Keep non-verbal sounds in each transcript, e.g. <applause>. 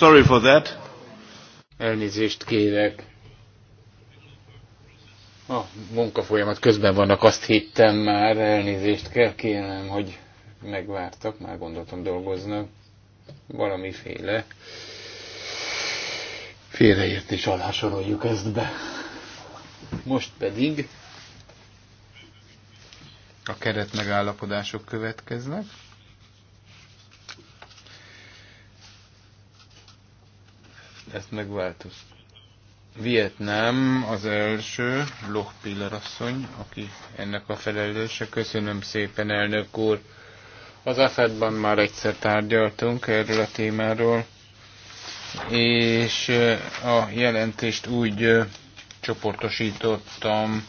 sorry for that. Elnézést kérek. A munkafolyamat közben vannak, azt hittem már, elnézést kell kérnem, hogy megvártak, már gondoltam dolgoznak. Valamiféle félreértés alá soroljuk ezt be. Most pedig a keret megállapodások következnek. ezt megváltozt. Vietnám az első, Loh Piller asszony, aki ennek a felelőse. Köszönöm szépen, elnök úr. Az AFED-ban már egyszer tárgyaltunk erről a témáról, és eh, a jelentést úgy eh, csoportosítottam,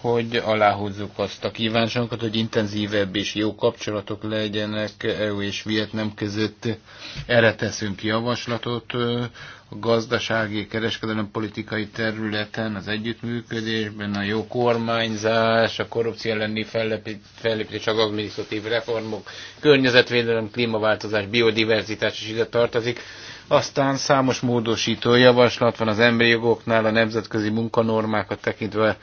hogy aláhúzzuk azt a kívánságot, hogy intenzívebb és jó kapcsolatok legyenek EU és Vietnám között. Erre teszünk javaslatot eh, a gazdasági, kereskedelem politikai területen, az együttműködésben, a jó kormányzás, a korrupció elleni fellépés, az administratív reformok, környezetvédelem, klímaváltozás, biodiverzitás is ide tartozik. Aztán számos módosító javaslat van az emberi jogoknál, a nemzetközi munkanormákat tekintve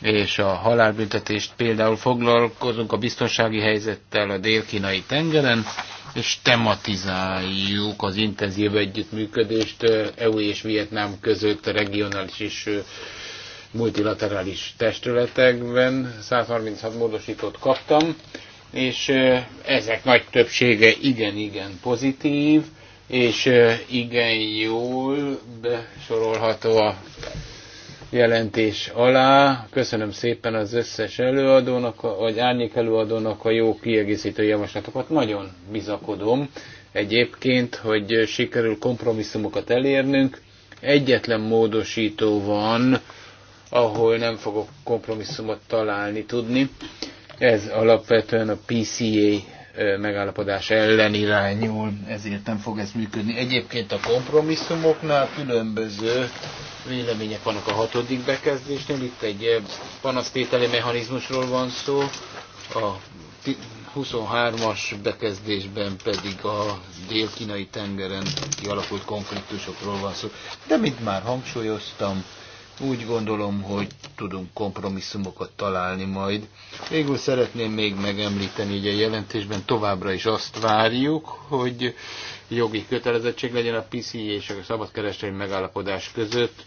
és a halálbüntetést például foglalkozunk a biztonsági helyzettel a dél-kínai tengeren, és tematizáljuk az intenzív együttműködést EU és Vietnám között a regionális és multilaterális testületekben. 136 módosítót kaptam, és ezek nagy többsége igen-igen pozitív, és igen jól besorolható a jelentés alá. Köszönöm szépen az összes előadónak, vagy árnyék előadónak a jó kiegészítő javaslatokat. Nagyon bizakodom egyébként, hogy sikerül kompromisszumokat elérnünk. Egyetlen módosító van, ahol nem fogok kompromisszumot találni tudni. Ez alapvetően a PCA megállapodás ellen irányul, ezért nem fog ez működni. Egyébként a kompromisszumoknál különböző vélemények vannak a hatodik bekezdésnél. Itt egy panasztételi mechanizmusról van szó, a 23-as bekezdésben pedig a dél-kínai tengeren kialakult konfliktusokról van szó. De mint már hangsúlyoztam, úgy gondolom, hogy tudunk kompromisszumokat találni majd. Végül szeretném még megemlíteni, hogy a jelentésben továbbra is azt várjuk, hogy jogi kötelezettség legyen a PC és a szabadkereskedelmi megállapodás között,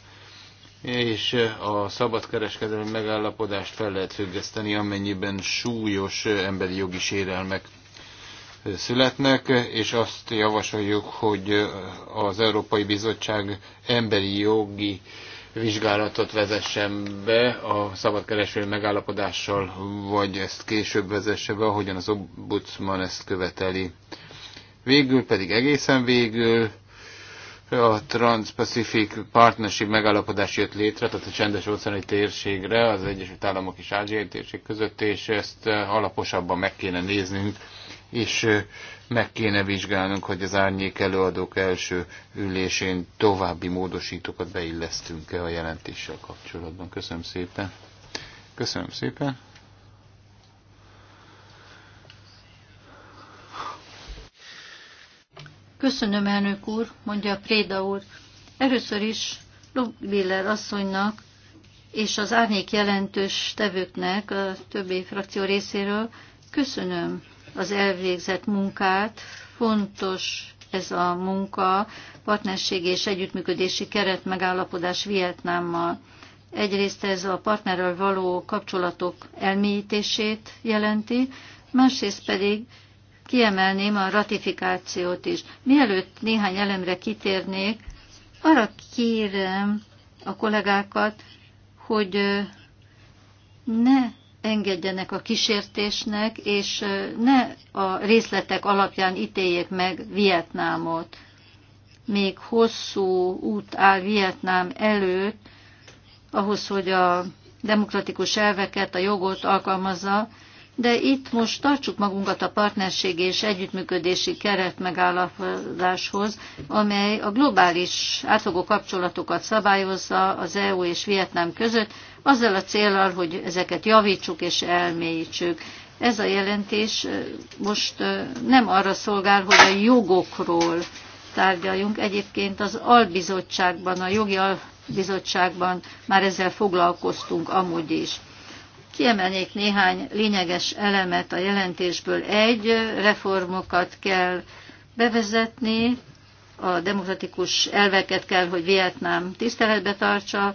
és a szabadkereskedelmi megállapodást fel lehet függeszteni, amennyiben súlyos emberi jogi sérelmek születnek, és azt javasoljuk, hogy az Európai Bizottság emberi jogi vizsgálatot vezessen be a szabadkereskedelmi megállapodással, vagy ezt később vezesse be, ahogyan az ombudsman ezt követeli. Végül pedig egészen végül a Trans-Pacific Partnership megállapodás jött létre, tehát a csendes óceáni térségre, az Egyesült Államok és Ázsiai térség között, és ezt alaposabban meg kéne néznünk, és meg kéne vizsgálnunk, hogy az árnyék előadók első ülésén további módosítókat beillesztünk-e a jelentéssel kapcsolatban. Köszönöm szépen. Köszönöm szépen. Köszönöm, elnök úr, mondja a Préda úr. Először is Lubiller asszonynak és az árnyék jelentős tevőknek a többi frakció részéről köszönöm az elvégzett munkát. Fontos ez a munka, partnerségi és együttműködési keret megállapodás Vietnámmal. Egyrészt ez a partnerrel való kapcsolatok elmélyítését jelenti, másrészt pedig kiemelném a ratifikációt is. Mielőtt néhány elemre kitérnék, arra kérem a kollégákat, hogy ne engedjenek a kísértésnek, és ne a részletek alapján ítéljék meg Vietnámot. Még hosszú út áll Vietnám előtt ahhoz, hogy a demokratikus elveket, a jogot alkalmazza, de itt most tartsuk magunkat a partnerségi és együttműködési keret megállapodáshoz, amely a globális átfogó kapcsolatokat szabályozza az EU és Vietnám között, azzal a célral, hogy ezeket javítsuk és elmélyítsük. Ez a jelentés most nem arra szolgál, hogy a jogokról tárgyaljunk. Egyébként az albizottságban, a jogi albizottságban már ezzel foglalkoztunk amúgy is. Kiemelnék néhány lényeges elemet a jelentésből. Egy, reformokat kell bevezetni, a demokratikus elveket kell, hogy Vietnám tiszteletbe tartsa,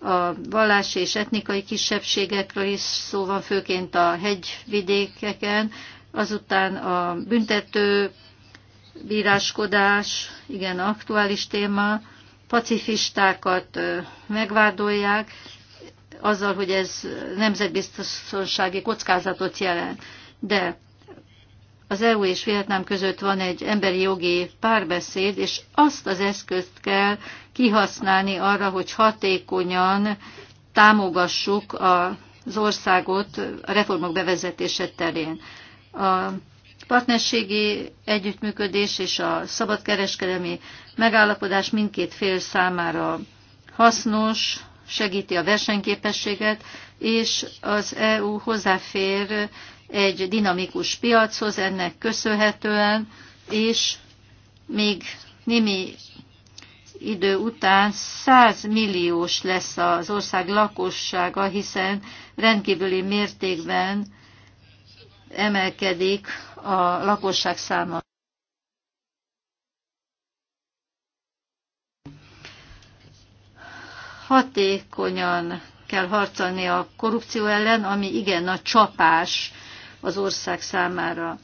a vallási és etnikai kisebbségekről is szó van, főként a hegyvidékeken, azután a büntető bíráskodás, igen, aktuális téma, pacifistákat megvádolják, azzal, hogy ez nemzetbiztonsági kockázatot jelent. De az EU és Vietnám között van egy emberi jogi párbeszéd, és azt az eszközt kell kihasználni arra, hogy hatékonyan támogassuk az országot a reformok bevezetése terén. A partnerségi együttműködés és a szabadkereskedelmi megállapodás mindkét fél számára hasznos, segíti a versenyképességet, és az EU hozzáfér egy dinamikus piachoz ennek köszönhetően, és még némi idő után 100 milliós lesz az ország lakossága, hiszen rendkívüli mértékben emelkedik a lakosság száma. Hatékonyan kell harcolni a korrupció ellen, ami igen nagy csapás az ország számára,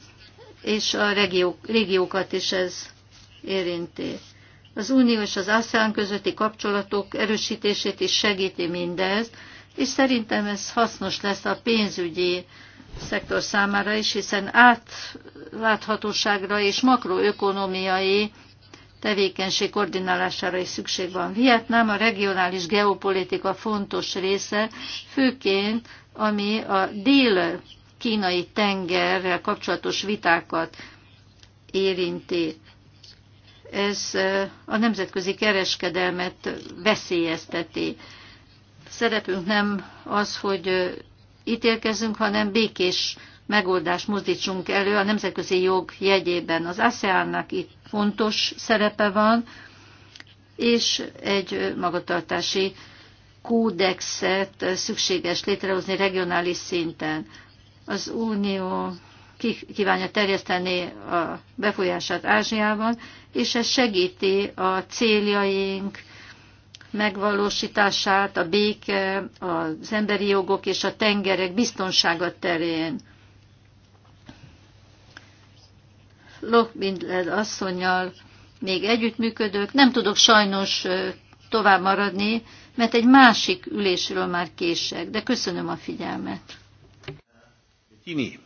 és a regiók, régiókat is ez érinti. Az Unió és az ASEAN közötti kapcsolatok erősítését is segíti mindez, és szerintem ez hasznos lesz a pénzügyi szektor számára is, hiszen átláthatóságra és makroökonomiai tevékenység koordinálására is szükség van. Vietnám a regionális geopolitika fontos része, főként ami a dél-kínai tengerrel kapcsolatos vitákat érinti. Ez a nemzetközi kereskedelmet veszélyezteti. Szerepünk nem az, hogy ítélkezünk, hanem békés megoldást mozdítsunk elő a nemzetközi jog jegyében. Az ASEAN-nak itt fontos szerepe van, és egy magatartási kódexet szükséges létrehozni regionális szinten. Az Unió kívánja terjeszteni a befolyását Ázsiában, és ez segíti a céljaink megvalósítását, a béke, az emberi jogok és a tengerek biztonsága terén. Lochbindler asszonynal még együttműködök. Nem tudok sajnos tovább maradni, mert egy másik ülésről már kések, de köszönöm a figyelmet. Tini.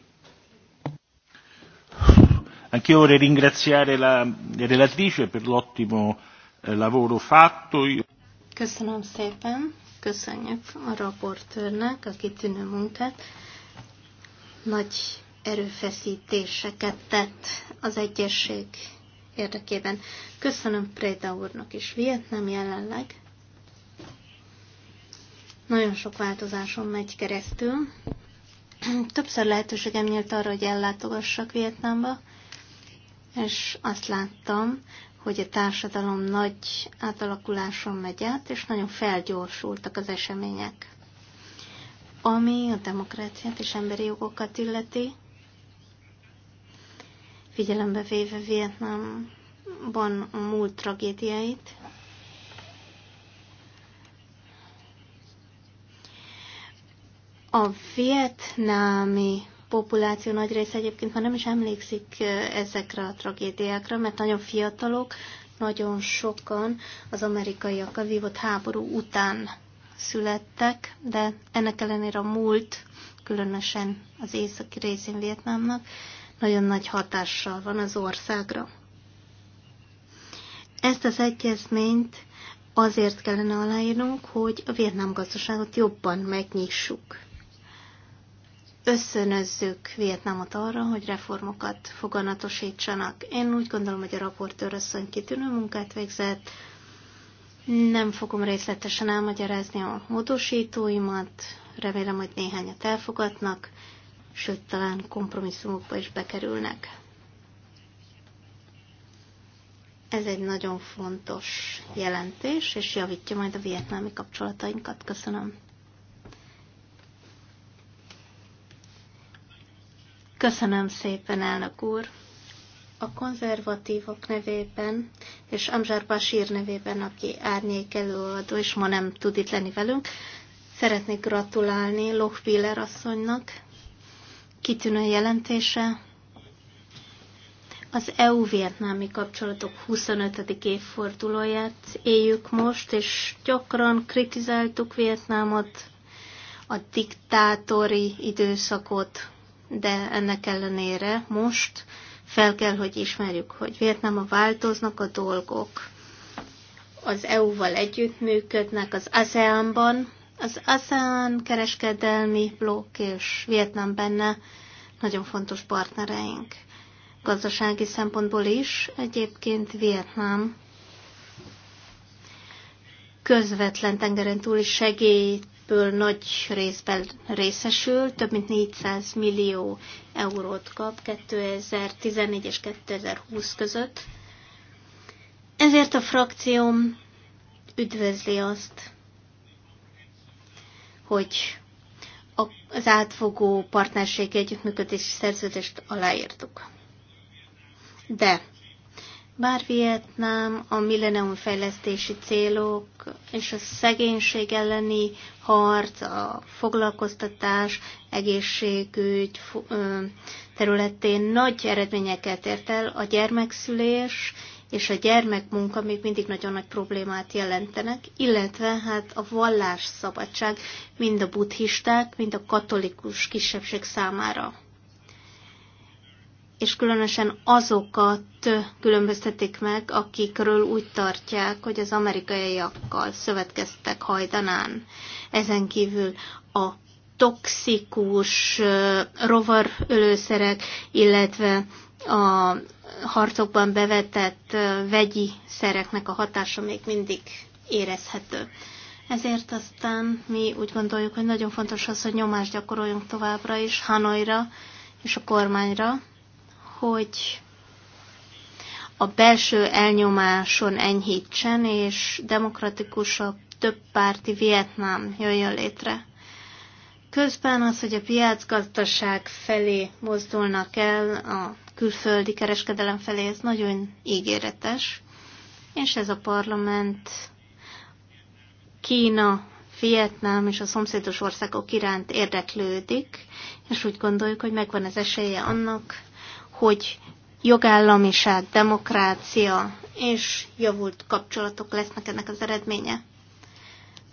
Anch'io vorrei ringraziare la relatrice per l'ottimo eh, lavoro fatto. Köszönöm szépen, köszönjük a raportőrnek a kitűnő munkát. Nagy erőfeszítéseket tett az egyesség érdekében. Köszönöm Préda úrnak is. Vietnám jelenleg nagyon sok változáson megy keresztül. Többször lehetőségem nyílt arra, hogy ellátogassak Vietnámba, és azt láttam, hogy a társadalom nagy átalakuláson megy át, és nagyon felgyorsultak az események. Ami a demokráciát és emberi jogokat illeti, figyelembe véve Vietnamban a múlt tragédiáit. A vietnámi populáció nagy része egyébként már nem is emlékszik ezekre a tragédiákra, mert nagyon fiatalok, nagyon sokan az amerikaiak a vívott háború után születtek, de ennek ellenére a múlt, különösen az északi részén Vietnámnak, nagyon nagy hatással van az országra. Ezt az egyezményt azért kellene aláírnunk, hogy a vietnám gazdaságot jobban megnyissuk. Összönözzük Vietnámot arra, hogy reformokat foganatosítsanak. Én úgy gondolom, hogy a raportőr asszony kitűnő munkát végzett, nem fogom részletesen elmagyarázni a módosítóimat, remélem, hogy néhányat elfogadnak, sőt, talán kompromisszumokba is bekerülnek. Ez egy nagyon fontos jelentés, és javítja majd a vietnámi kapcsolatainkat. Köszönöm. Köszönöm szépen, elnök úr! A konzervatívok nevében és Amzsár Basír nevében, aki árnyék előadó, és ma nem tud itt lenni velünk, szeretnék gratulálni Lochbiller asszonynak, kitűnő jelentése. Az EU-vietnámi kapcsolatok 25. évfordulóját éljük most, és gyakran kritizáltuk Vietnámot, a diktátori időszakot, de ennek ellenére most fel kell, hogy ismerjük, hogy a változnak a dolgok. Az EU-val együttműködnek az ASEAN-ban, az ASEAN kereskedelmi blokk és Vietnam benne nagyon fontos partnereink. Gazdasági szempontból is egyébként Vietnám közvetlen tengeren túli segélyből nagy részben részesül, több mint 400 millió eurót kap 2014 és 2020 között. Ezért a frakcióm üdvözli azt, hogy az átfogó partnerség együttműködési szerződést aláírtuk. De bár Vietnám a millenium fejlesztési célok és a szegénység elleni harc, a foglalkoztatás, egészségügy területén nagy eredményeket ért el, a gyermekszülés és a gyermekmunka még mindig nagyon nagy problémát jelentenek, illetve hát a vallásszabadság mind a buddhisták, mind a katolikus kisebbség számára. És különösen azokat különböztetik meg, akikről úgy tartják, hogy az amerikaiakkal szövetkeztek hajdanán. Ezen kívül a toxikus rovarölőszerek, illetve a harcokban bevetett vegyi szereknek a hatása még mindig érezhető. Ezért aztán mi úgy gondoljuk, hogy nagyon fontos az, hogy nyomást gyakoroljunk továbbra is Hanoira és a kormányra, hogy a belső elnyomáson enyhítsen, és demokratikusabb, többpárti Vietnám jöjjön létre. Közben az, hogy a piacgazdaság felé mozdulnak el a külföldi kereskedelem felé, ez nagyon ígéretes, és ez a parlament Kína, Vietnám és a szomszédos országok iránt érdeklődik, és úgy gondoljuk, hogy megvan az esélye annak, hogy jogállamiság, demokrácia és javult kapcsolatok lesznek ennek az eredménye.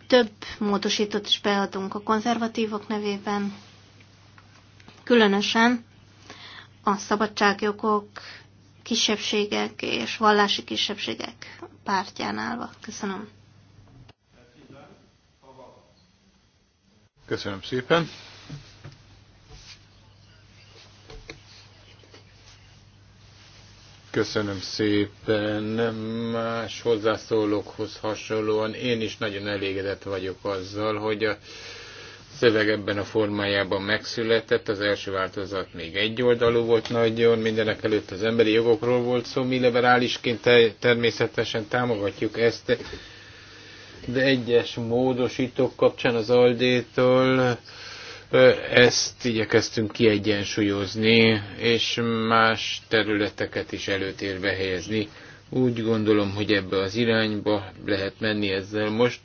Több módosítót is beadunk a konzervatívok nevében, különösen a szabadságjogok, kisebbségek és vallási kisebbségek pártján állva. Köszönöm. Köszönöm szépen. Köszönöm szépen. Más hozzászólókhoz hasonlóan én is nagyon elégedett vagyok azzal, hogy a szöveg ebben a formájában megszületett, az első változat még egyoldalú volt nagyon, mindenek előtt az emberi jogokról volt szó, mi liberálisként természetesen támogatjuk ezt, de egyes módosítók kapcsán az Aldétól ezt igyekeztünk kiegyensúlyozni, és más területeket is előtérbe helyezni. Úgy gondolom, hogy ebbe az irányba lehet menni ezzel most.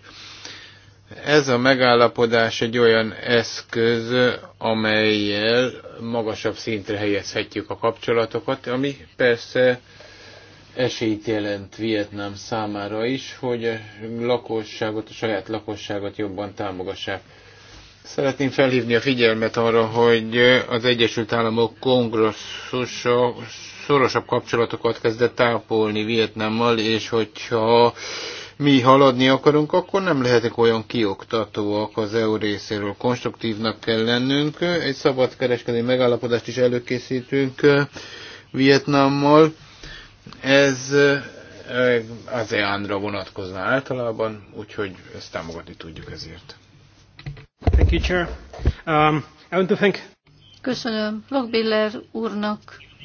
Ez a megállapodás egy olyan eszköz, amelyel magasabb szintre helyezhetjük a kapcsolatokat, ami persze esélyt jelent Vietnám számára is, hogy a lakosságot, a saját lakosságot jobban támogassák. Szeretném felhívni a figyelmet arra, hogy az Egyesült Államok kongresszusa szorosabb kapcsolatokat kezdett tápolni Vietnámmal, és hogyha mi haladni akarunk, akkor nem lehetek olyan kioktatóak az EU részéről. Konstruktívnak kell lennünk. Egy szabadkereskedelmi megállapodást is előkészítünk eh, Vietnammal. Ez eh, az EAN-ra vonatkozna általában, úgyhogy ezt támogatni tudjuk ezért. Thank you, Chair. Um, I want to thank... Köszönöm. Lockbiller úrnak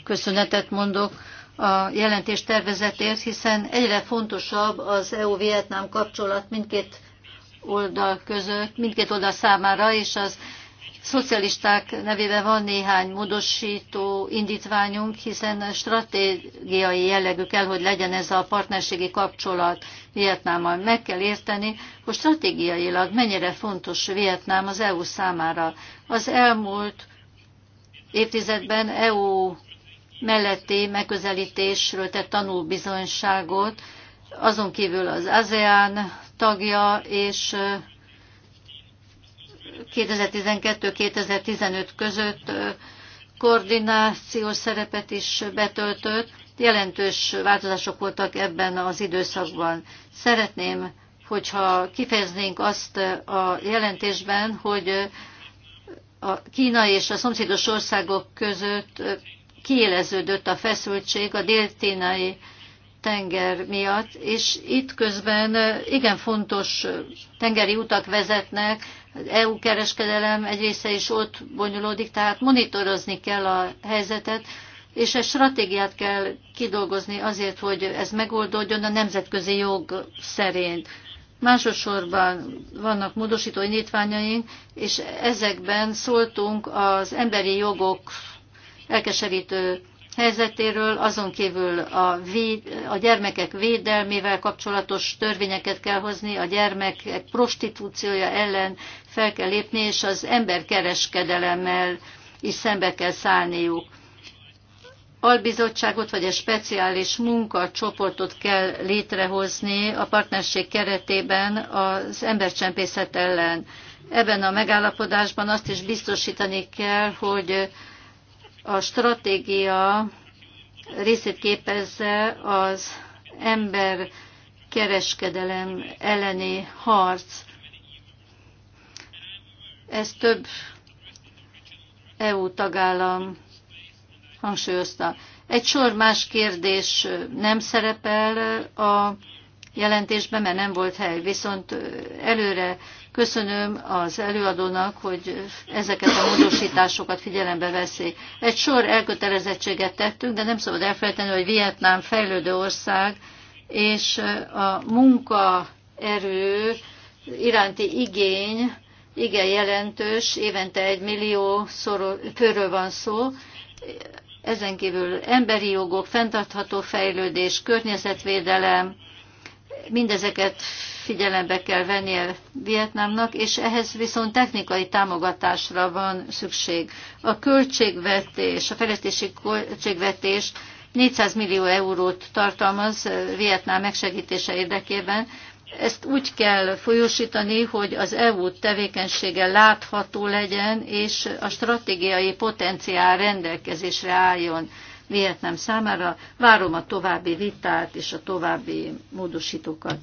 köszönetet mondok a jelentés tervezetért, hiszen egyre fontosabb az EU-Vietnám kapcsolat mindkét oldal között, mindkét oldal számára, és az szocialisták nevében van néhány módosító indítványunk, hiszen stratégiai jellegű kell, hogy legyen ez a partnerségi kapcsolat Vietnámmal. Meg kell érteni, hogy stratégiailag mennyire fontos Vietnám az EU számára. Az elmúlt évtizedben EU melletti megközelítésről tett tanulbizonyságot, azon kívül az ASEAN tagja és 2012-2015 között koordinációs szerepet is betöltött. Jelentős változások voltak ebben az időszakban. Szeretném, hogyha kifejeznénk azt a jelentésben, hogy a Kína és a szomszédos országok között kiéleződött a feszültség a déltínai tenger miatt, és itt közben igen fontos tengeri utak vezetnek, EU kereskedelem egy része is ott bonyolódik, tehát monitorozni kell a helyzetet, és egy stratégiát kell kidolgozni azért, hogy ez megoldódjon a nemzetközi jog szerint. Másosorban vannak módosító nyitványaink, és ezekben szóltunk az emberi jogok elkeserítő helyzetéről, azon kívül a, véd, a gyermekek védelmével kapcsolatos törvényeket kell hozni, a gyermekek prostitúciója ellen fel kell lépni, és az emberkereskedelemmel is szembe kell szállniuk. Albizottságot vagy egy speciális munkacsoportot kell létrehozni a partnerség keretében az embercsempészet ellen. Ebben a megállapodásban azt is biztosítani kell, hogy a stratégia részét képezze az ember kereskedelem elleni harc. Ez több EU tagállam hangsúlyozta. Egy sor más kérdés nem szerepel a jelentésben, mert nem volt hely, viszont előre Köszönöm az előadónak, hogy ezeket a módosításokat figyelembe veszi. Egy sor elkötelezettséget tettünk, de nem szabad elfelejteni, hogy Vietnám fejlődő ország, és a munkaerő iránti igény igen jelentős, évente egy millió főről van szó, ezen kívül emberi jogok, fenntartható fejlődés, környezetvédelem, mindezeket figyelembe kell vennie Vietnámnak, és ehhez viszont technikai támogatásra van szükség. A költségvetés, a fejlesztési költségvetés 400 millió eurót tartalmaz Vietnám megsegítése érdekében. Ezt úgy kell folyósítani, hogy az EU tevékenysége látható legyen, és a stratégiai potenciál rendelkezésre álljon. Vietnám számára. Várom a további vitát és a további módosítókat.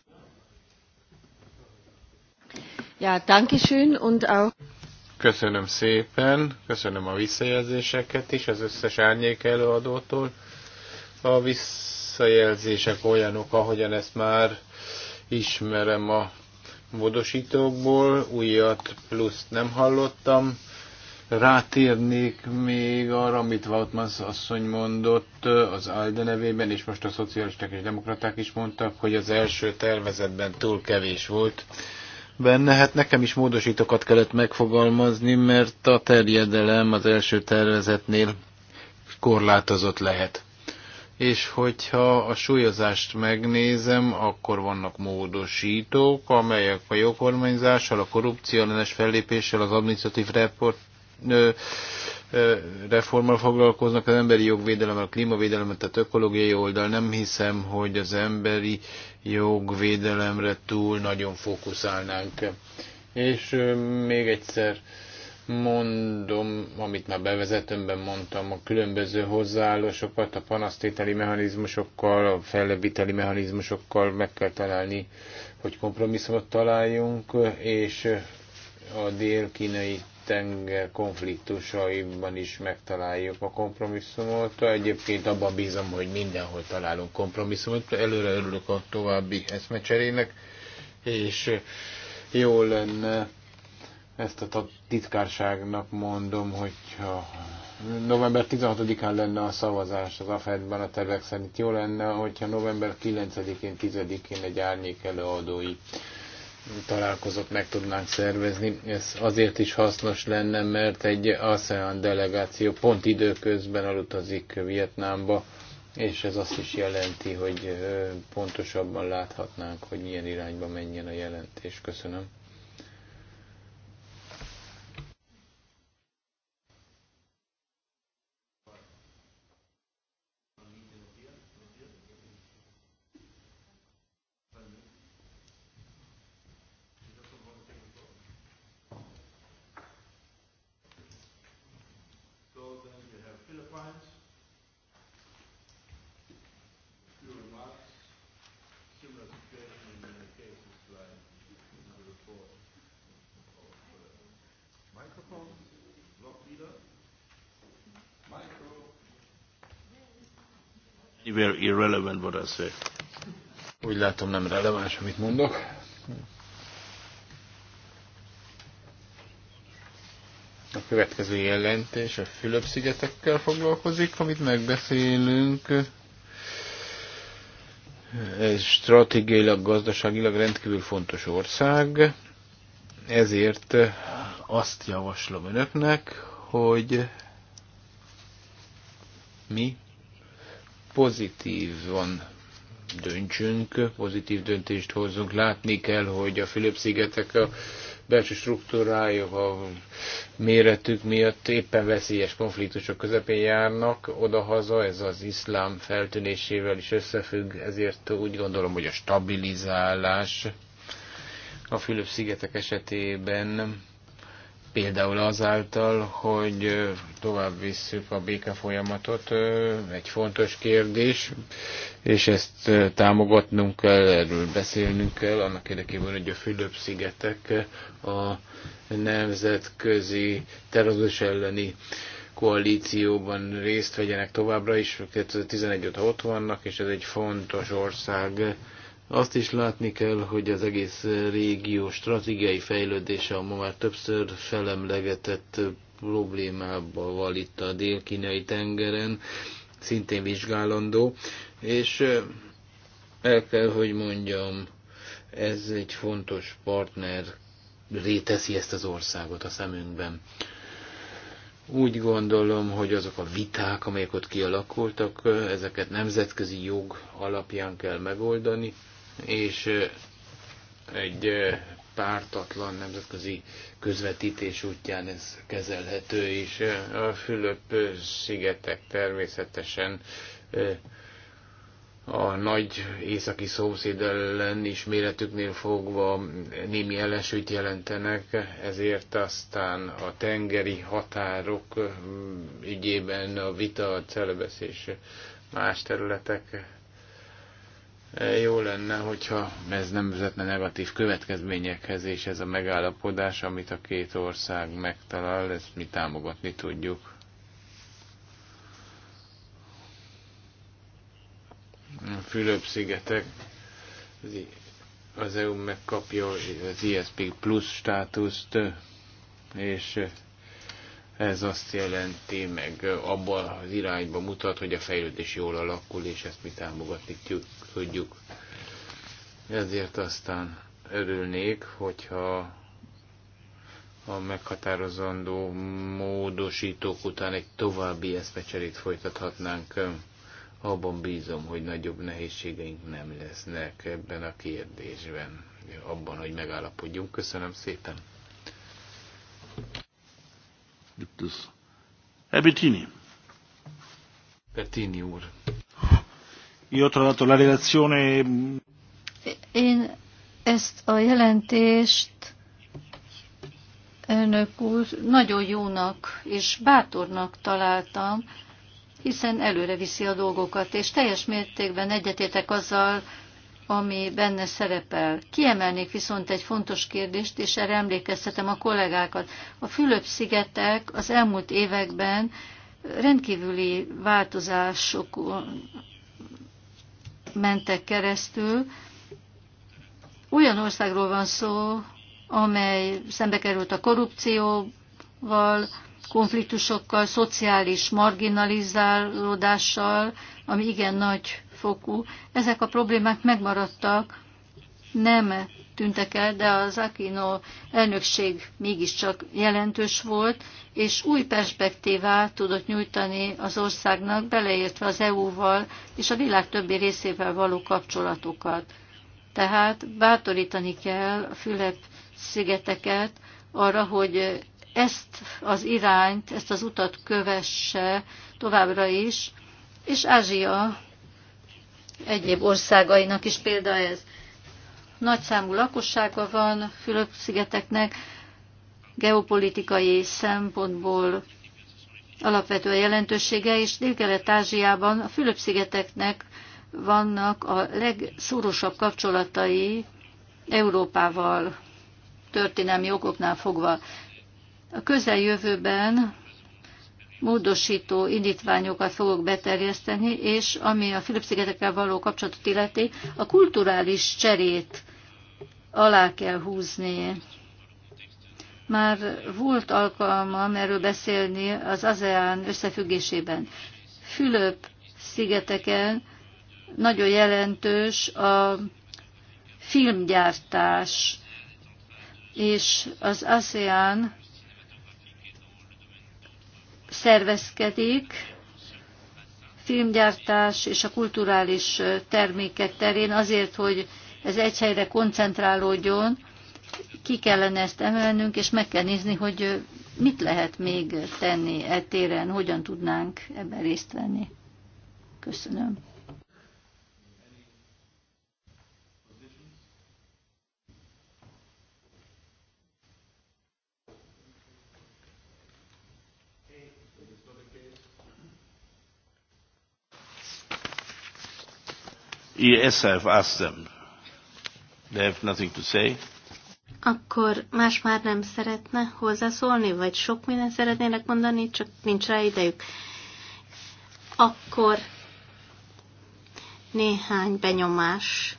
Ja, danke schön und auch... Köszönöm szépen, köszönöm a visszajelzéseket is az összes árnyék előadótól. A visszajelzések olyanok, ahogyan ezt már ismerem a módosítókból, újat plusz nem hallottam. Rátérnék még arra, amit Vautmans asszony mondott az ALDE nevében, és most a szocialisták és demokraták is mondtak, hogy az első tervezetben túl kevés volt benne. Hát nekem is módosítókat kellett megfogalmazni, mert a terjedelem az első tervezetnél korlátozott lehet. És hogyha a súlyozást megnézem, akkor vannak módosítók, amelyek a jogkormányzással, a korrupció ellenes fellépéssel, az administratív report, ö, reformmal foglalkoznak, az emberi jogvédelem, a klímavédelem, tehát ökológiai oldal. Nem hiszem, hogy az emberi jogvédelemre túl nagyon fókuszálnánk. És még egyszer mondom, amit már bevezetőmben mondtam, a különböző hozzáállásokat, a panasztételi mechanizmusokkal, a fellebiteli mechanizmusokkal meg kell találni, hogy kompromisszumot találjunk, és a dél-kínai tenger konfliktusaiban is megtaláljuk a kompromisszumot. Egyébként abban bízom, hogy mindenhol találunk kompromisszumot. Előre örülök a további eszmecserének, és jó lenne ezt a titkárságnak mondom, hogyha november 16-án lenne a szavazás az AFED-ben a tervek szerint. Jó lenne, hogyha november 9-én, 10-én egy árnyék előadói találkozót meg tudnánk szervezni. Ez azért is hasznos lenne, mert egy ASEAN delegáció pont időközben elutazik Vietnámba, és ez azt is jelenti, hogy pontosabban láthatnánk, hogy milyen irányba menjen a jelentés. Köszönöm. irrelevant Úgy látom nem releváns, amit mondok. A következő jelentés a Fülöp-szigetekkel foglalkozik, amit megbeszélünk. Ez stratégiailag, gazdaságilag rendkívül fontos ország, ezért azt javaslom önöknek, hogy mi pozitívan döntsünk, pozitív döntést hozzunk. Látni kell, hogy a Fülöp-szigetek a belső struktúrájuk, a méretük miatt éppen veszélyes konfliktusok közepén járnak odahaza, ez az iszlám feltűnésével is összefügg, ezért úgy gondolom, hogy a stabilizálás a Fülöp-szigetek esetében például azáltal, hogy tovább visszük a béke folyamatot, egy fontos kérdés, és ezt támogatnunk kell, erről beszélnünk kell, annak érdekében, hogy a Fülöp-szigetek a nemzetközi terrorizmus elleni koalícióban részt vegyenek továbbra is, 2011 óta ott vannak, és ez egy fontos ország, azt is látni kell, hogy az egész régió stratégiai fejlődése a ma már többször felemlegetett problémába van itt a dél-kínai tengeren, szintén vizsgálandó, és el kell, hogy mondjam, ez egy fontos partner réteszi ezt az országot a szemünkben. Úgy gondolom, hogy azok a viták, amelyek ott kialakultak, ezeket nemzetközi jog alapján kell megoldani, és egy pártatlan nemzetközi közvetítés útján ez kezelhető, és a Fülöp-szigetek természetesen a nagy északi szomszéd ellen is méretüknél fogva némi ellensúlyt jelentenek, ezért aztán a tengeri határok ügyében a vita, a celebesz és más területek jó lenne, hogyha ez nem vezetne negatív következményekhez, és ez a megállapodás, amit a két ország megtalál, ezt mi támogatni tudjuk. A Fülöp-szigetek az EU megkapja az ISP plusz státuszt, és ez azt jelenti, meg abban az irányba mutat, hogy a fejlődés jól alakul, és ezt mi támogatni Tudjuk, Ezért aztán örülnék, hogyha a meghatározandó módosítók után egy további eszmecserét folytathatnánk. Abban bízom, hogy nagyobb nehézségeink nem lesznek ebben a kérdésben, abban, hogy megállapodjunk. Köszönöm szépen. Ebitini. es úr. Mm, Én ezt a jelentést, önök úr, nagyon jónak és bátornak találtam, hiszen előre viszi a dolgokat, és teljes mértékben egyetétek azzal, ami benne szerepel. Kiemelnék viszont egy fontos kérdést, és erre emlékeztetem a kollégákat. A Fülöp-szigetek az elmúlt években rendkívüli változások mentek keresztül. Olyan országról van szó, amely szembe került a korrupcióval, konfliktusokkal, szociális marginalizálódással, ami igen nagy fokú. Ezek a problémák megmaradtak, nem tűntek el, de az Aquino elnökség mégiscsak jelentős volt, és új perspektívát tudott nyújtani az országnak, beleértve az EU-val és a világ többi részével való kapcsolatokat. Tehát bátorítani kell a Fülep-szigeteket arra, hogy ezt az irányt, ezt az utat kövesse továbbra is, és Ázsia egyéb országainak is példa ez nagyszámú lakossága van Fülöp-szigeteknek, geopolitikai szempontból alapvető a jelentősége, és Dél-Kelet-Ázsiában a Fülöp-szigeteknek vannak a legszorosabb kapcsolatai Európával történelmi okoknál fogva. A közeljövőben módosító indítványokat fogok beterjeszteni, és ami a Fülöp-szigetekkel való kapcsolatot illeti, a kulturális cserét alá kell húzni. Már volt alkalmam erről beszélni az ASEAN összefüggésében. Fülöp-szigeteken nagyon jelentős a filmgyártás, és az ASEAN szervezkedik filmgyártás és a kulturális termékek terén azért, hogy ez egy helyre koncentrálódjon, ki kellene ezt emelnünk, és meg kell nézni, hogy mit lehet még tenni e téren, hogyan tudnánk ebben részt venni. Köszönöm. ES have asked them. They have nothing to say. Akkor más már nem szeretne hozzászólni, vagy sok mindent szeretnének mondani, csak nincs rá idejük. Akkor néhány benyomás.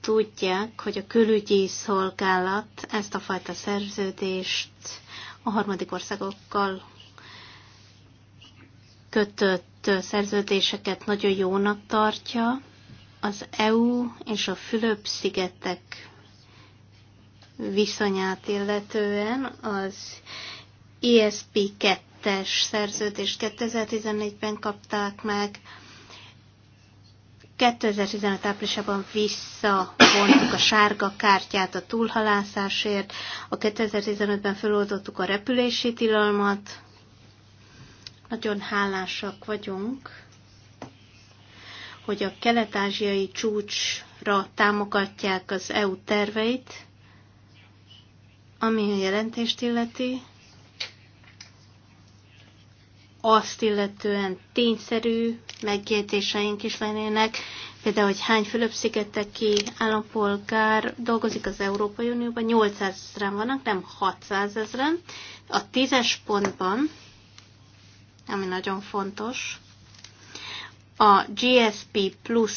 Tudják, hogy a külügyi szolgálat ezt a fajta szerződést a harmadik országokkal kötött szerződéseket nagyon jónak tartja, az EU és a Fülöp-szigetek viszonyát illetően az ESP 2-es szerződést 2014-ben kapták meg, 2015 áprilisában visszavontuk a sárga kártyát a túlhalászásért, a 2015-ben feloldottuk a repülési tilalmat. Nagyon hálásak vagyunk hogy a kelet-ázsiai csúcsra támogatják az EU terveit, ami a jelentést illeti, azt illetően tényszerű megjegyzéseink is lennének, például, hogy hány Fülöp-szigeteki állampolgár dolgozik az Európai Unióban, 800 ezeren vannak, nem 600 ezeren. A tízes pontban, ami nagyon fontos, a GSP Plus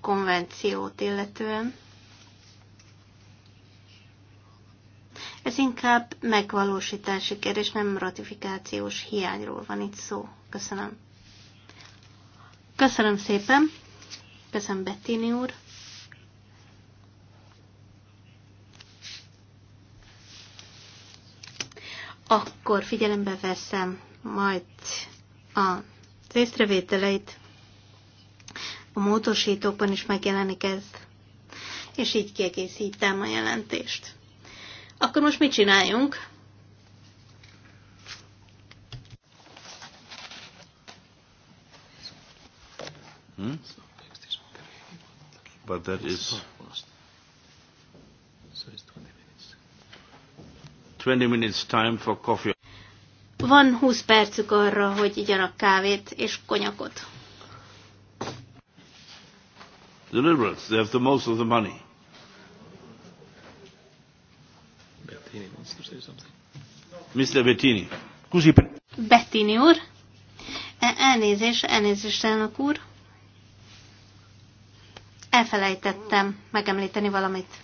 konvenciót illetően, ez inkább megvalósítási kérdés, nem ratifikációs hiányról van itt szó. Köszönöm. Köszönöm szépen. Köszönöm Bettini úr. Akkor figyelembe veszem majd a észrevételeit a módosítókban is megjelenik ez. És így kiegészítem a jelentést. Akkor most mit csináljunk? Hmm? But that is 20 minutes time for coffee. Van 20 percük arra, hogy igyanak kávét és konyakot. The Liberals, they have the most of the money. Bettini wants to say something. Mr. Bettini. Bettini úr. E, elnézés, elnézést, elnök úr. Elfelejtettem megemlíteni valamit.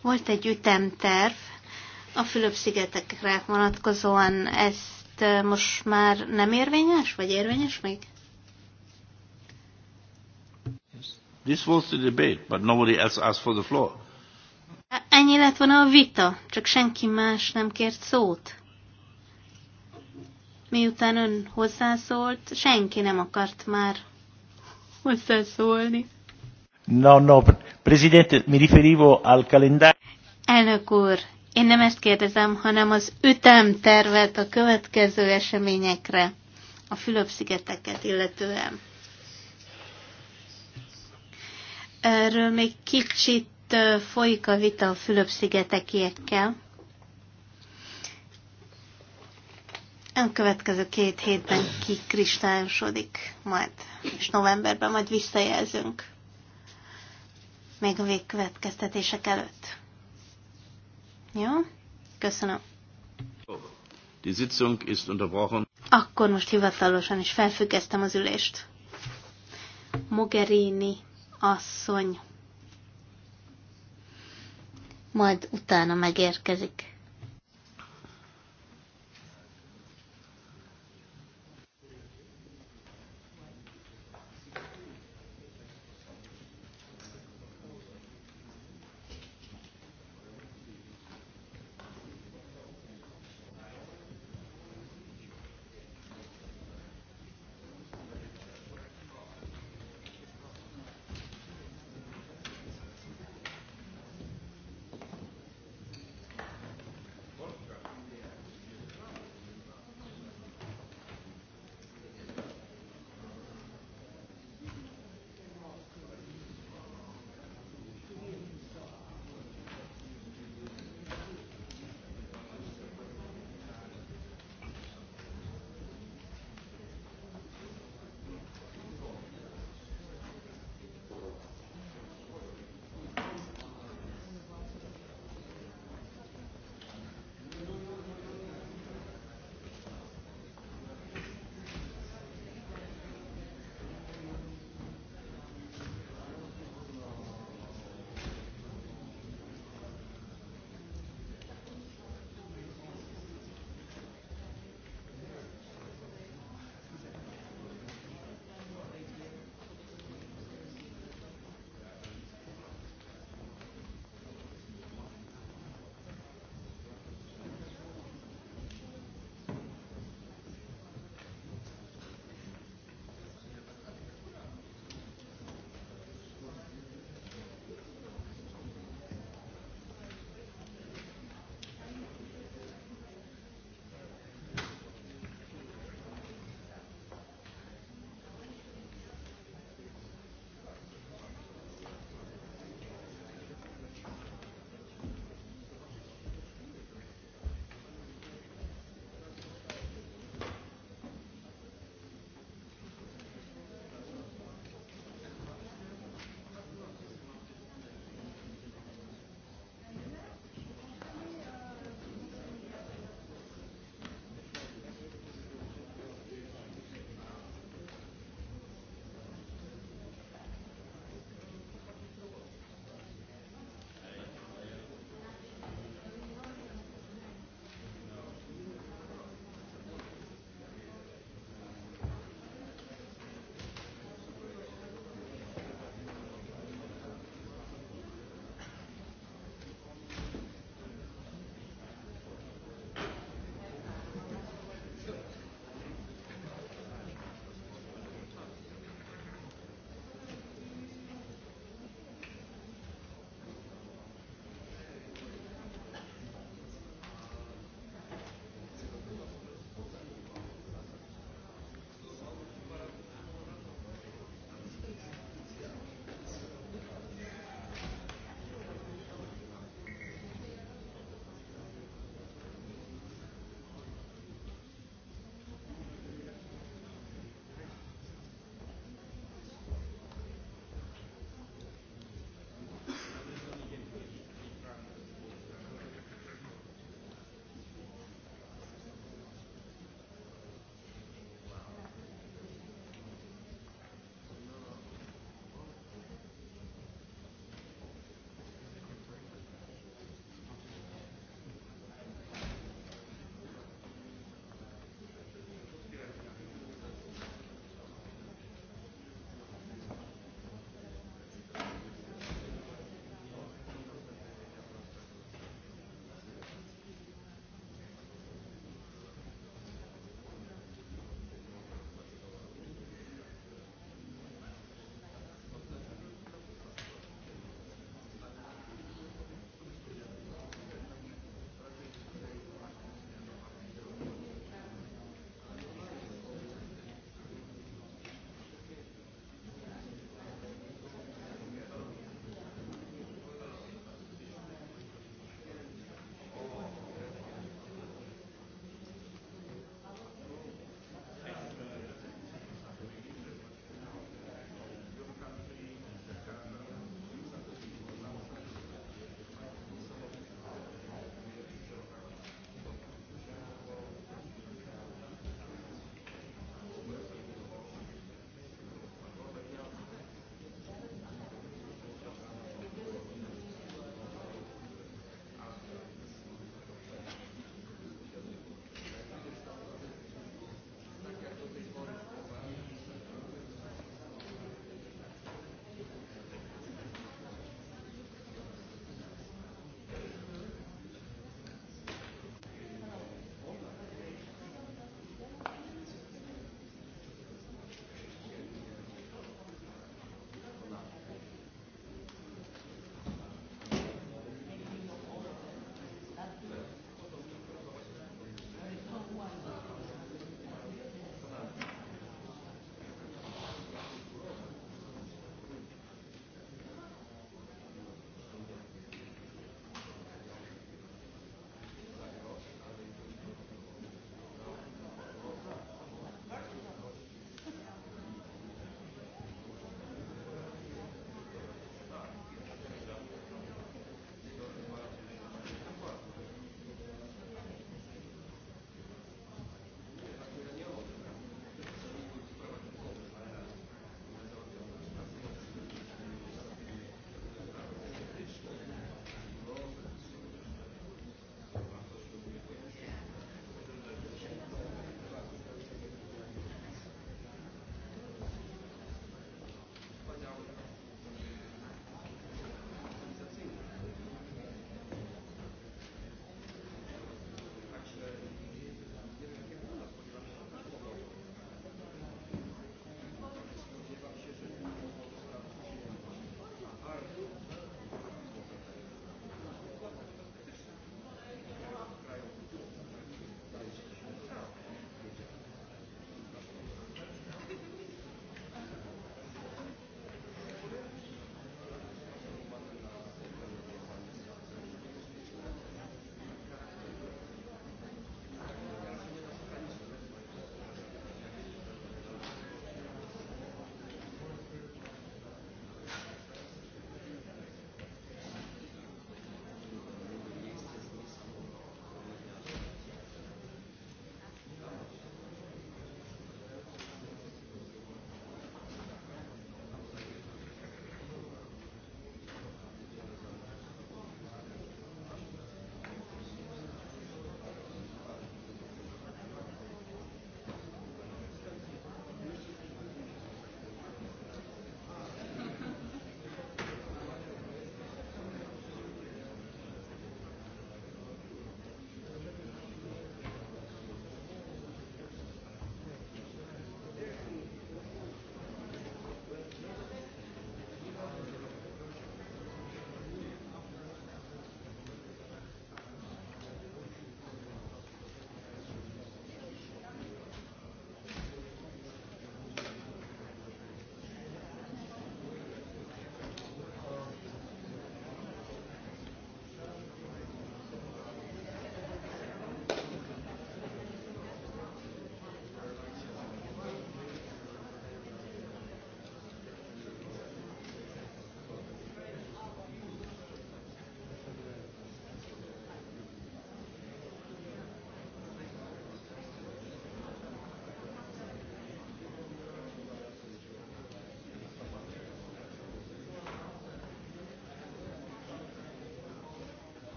Volt egy ütemterv a Fülöp-szigetekre vonatkozóan. Ezt most már nem érvényes, vagy érvényes még? This was the debate, but nobody else asked for the floor. E, ennyi lett volna a vita, csak senki más nem kért szót. Miután ön hozzászólt, senki nem akart már hozzászólni. No, no, Presidente, mi riferivo al calendario. Elnök úr, én nem ezt kérdezem, hanem az ütemtervet a következő eseményekre, a Fülöp-szigeteket illetően. Erről még kicsit folyik a vita a Fülöp-szigetekiekkel. A következő két hétben kikristályosodik majd, és novemberben majd visszajelzünk, még a végkövetkeztetések előtt. Jó? Köszönöm. Die Sitzung ist unterbrochen. Akkor most hivatalosan is felfüggesztem az ülést. Mogherini asszony. Majd utána megérkezik.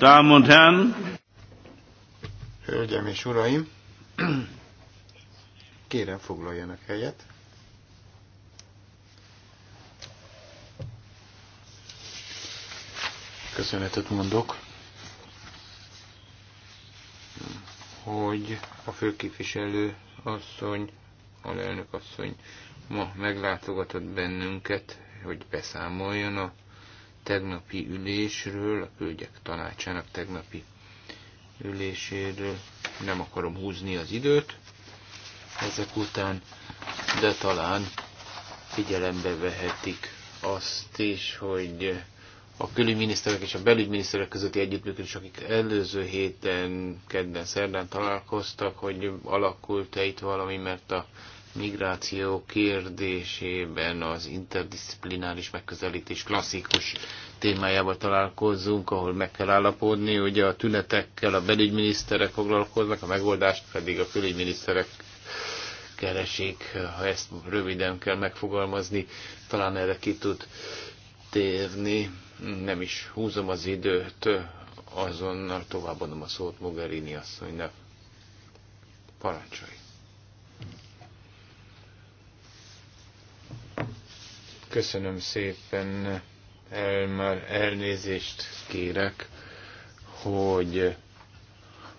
Damen und Herren! Hölgyem és Uraim! Kérem foglaljanak helyet. Köszönetet mondok, hogy a főképviselő asszony, alelnök asszony ma meglátogatott bennünket, hogy beszámoljon a tegnapi ülésről, a Hölgyek Tanácsának tegnapi üléséről. Nem akarom húzni az időt ezek után, de talán figyelembe vehetik azt is, hogy a külügyminiszterek és a belügyminiszterek közötti együttműködés, akik előző héten, kedden, szerdán találkoztak, hogy alakult-e itt valami, mert a migráció kérdésében az interdisziplináris megközelítés klasszikus témájával találkozzunk, ahol meg kell állapodni, hogy a tünetekkel a belügyminiszterek foglalkoznak, a megoldást pedig a külügyminiszterek keresik, ha ezt röviden kell megfogalmazni, talán erre ki tud térni, nem is húzom az időt, azonnal továbbadom a szót Mogherini asszonynak. Parancsolj! Köszönöm szépen, már elnézést kérek, hogy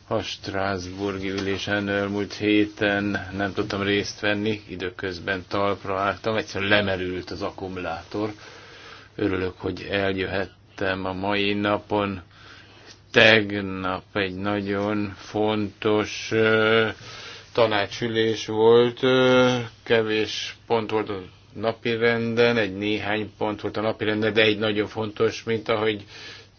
a Strasburgi ülésen elmúlt héten nem tudtam részt venni, időközben talpra álltam, egyszerűen lemerült az akkumulátor. Örülök, hogy eljöhettem a mai napon. Tegnap egy nagyon fontos uh, tanácsülés volt, uh, kevés pont volt a napirenden, egy néhány pont volt a napirenden, de egy nagyon fontos, mint ahogy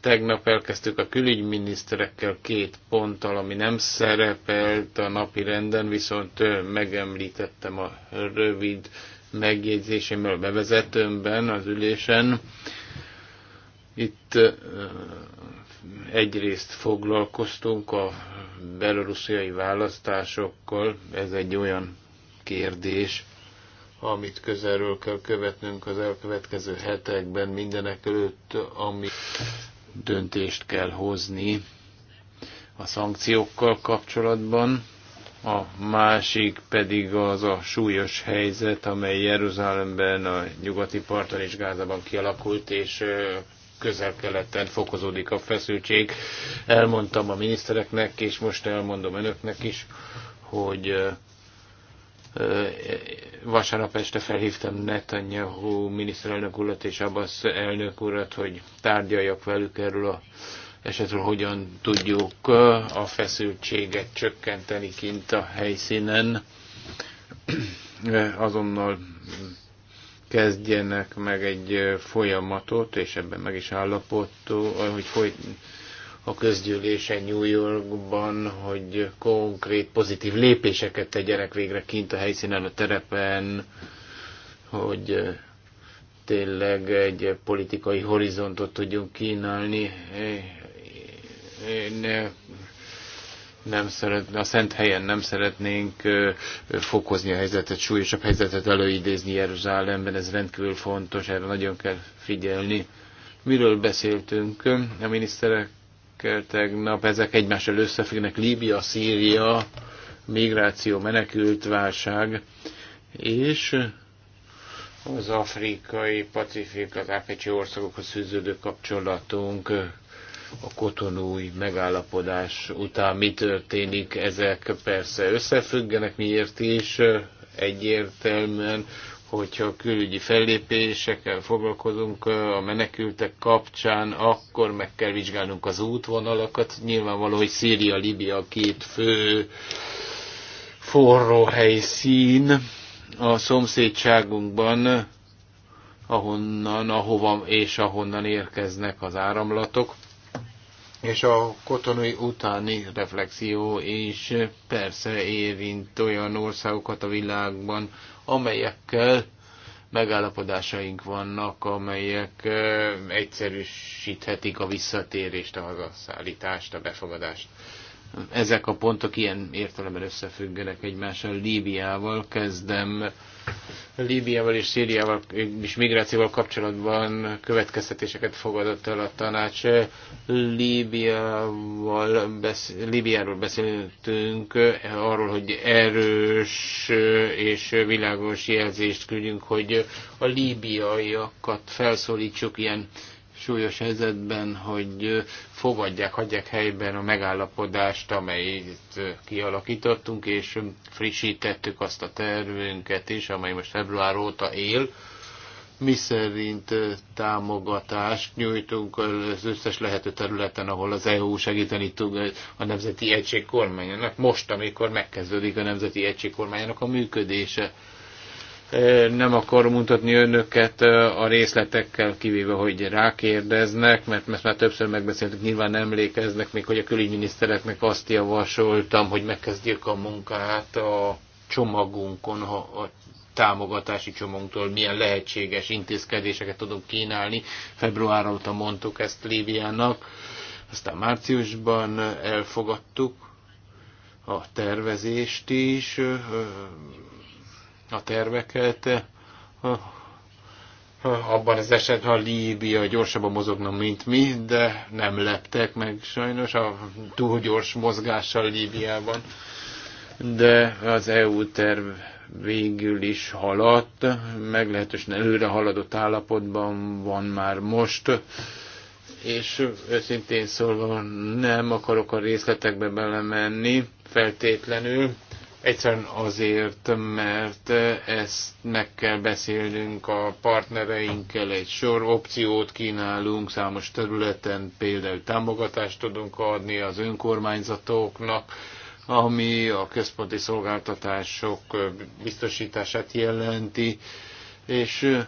tegnap elkezdtük a külügyminiszterekkel két ponttal, ami nem szerepelt a napirenden, viszont megemlítettem a rövid megjegyzésemmel bevezetőmben az ülésen. Itt egyrészt foglalkoztunk a belorussziai választásokkal, ez egy olyan kérdés, amit közelről kell követnünk az elkövetkező hetekben mindenek előtt, ami döntést kell hozni a szankciókkal kapcsolatban. A másik pedig az a súlyos helyzet, amely Jeruzsálemben, a nyugati parton és Gázában kialakult, és közel-keleten fokozódik a feszültség. Elmondtam a minisztereknek, és most elmondom önöknek is, hogy vasárnap este felhívtam Netanyahu miniszterelnök urat és Abbas elnök urat, hogy tárgyaljak velük erről a esetről, hogyan tudjuk a feszültséget csökkenteni kint a helyszínen. Azonnal kezdjenek meg egy folyamatot, és ebben meg is állapodtó, hogy folyt, a közgyűlésen New Yorkban, hogy konkrét pozitív lépéseket tegyenek végre kint a helyszínen, a terepen, hogy tényleg egy politikai horizontot tudjunk kínálni. Én nem szeret, a szent helyen nem szeretnénk fokozni a helyzetet, súlyosabb helyzetet előidézni Jeruzsálemben, ez rendkívül fontos, erre nagyon kell figyelni. Miről beszéltünk? A miniszterek hírekkel tegnap, ezek egymással összefüggnek, Líbia, Szíria, migráció, menekült válság, és az afrikai, pacifik, az áfricsi országokhoz szűződő kapcsolatunk, a kotonúi megállapodás után mi történik, ezek persze összefüggenek, miért is, egyértelműen hogyha külügyi fellépésekkel foglalkozunk a menekültek kapcsán, akkor meg kell vizsgálnunk az útvonalakat. Nyilvánvaló, hogy Szíria, Libia két fő forró helyszín a szomszédságunkban, ahonnan, ahova és ahonnan érkeznek az áramlatok. És a kotonai utáni reflexió is persze érint olyan országokat a világban, amelyekkel megállapodásaink vannak, amelyek egyszerűsíthetik a visszatérést, a hazaszállítást, a befogadást ezek a pontok ilyen értelemben összefüggenek egymással. Líbiával kezdem. Líbiával és Szíriával és migrációval kapcsolatban következtetéseket fogadott el a tanács. Líbiával besz, Líbiáról beszéltünk, arról, hogy erős és világos jelzést küldjünk, hogy a líbiaiakat felszólítsuk ilyen súlyos helyzetben, hogy fogadják, hagyják helyben a megállapodást, amelyet kialakítottunk, és frissítettük azt a tervünket is, amely most február óta él, mi szerint támogatást nyújtunk az összes lehető területen, ahol az EU segíteni tud a Nemzeti Egység kormányának, most, amikor megkezdődik a Nemzeti Egység kormányának a működése Eh, nem akar mutatni önöket eh, a részletekkel, kivéve, hogy rákérdeznek, mert ezt már többször megbeszéltük, nyilván emlékeznek még, hogy a külügyminisztereknek azt javasoltam, hogy megkezdjük a munkát a csomagunkon, ha a támogatási csomagtól milyen lehetséges intézkedéseket tudunk kínálni. Február óta mondtuk ezt Líviának, aztán márciusban elfogadtuk a tervezést is, eh, a terveket, abban az esetben, ha Líbia gyorsabban mozogna, mint mi, de nem leptek meg sajnos a túl gyors mozgással Líbiában. De az EU terv végül is haladt, meglehetősen előre haladott állapotban van már most, és őszintén szólva nem akarok a részletekbe belemenni feltétlenül, Egyszerűen azért, mert ezt meg kell beszélnünk a partnereinkkel, egy sor opciót kínálunk számos területen, például támogatást tudunk adni az önkormányzatoknak, ami a központi szolgáltatások biztosítását jelenti, és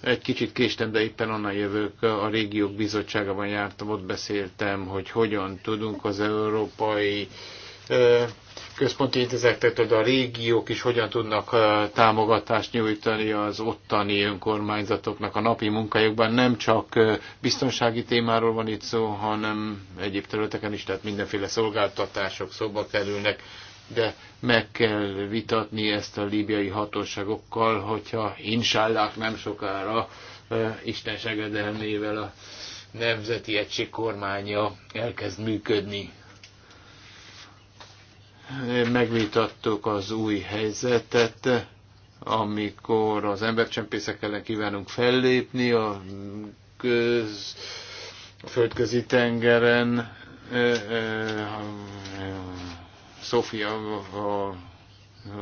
egy kicsit késtem, de éppen onnan jövök, a régiók bizottságában jártam, ott beszéltem, hogy hogyan tudunk az európai központi intézetektől, de a régiók is hogyan tudnak támogatást nyújtani az ottani önkormányzatoknak a napi munkájukban. Nem csak biztonsági témáról van itt szó, hanem egyéb területeken is, tehát mindenféle szolgáltatások szóba kerülnek, de meg kell vitatni ezt a líbiai hatóságokkal, hogyha insállák nem sokára Isten segedelmével a nemzeti egység kormánya elkezd működni megvitattuk az új helyzetet, amikor az embercsempészek ellen kívánunk fellépni a, köz, a földközi tengeren. Sofia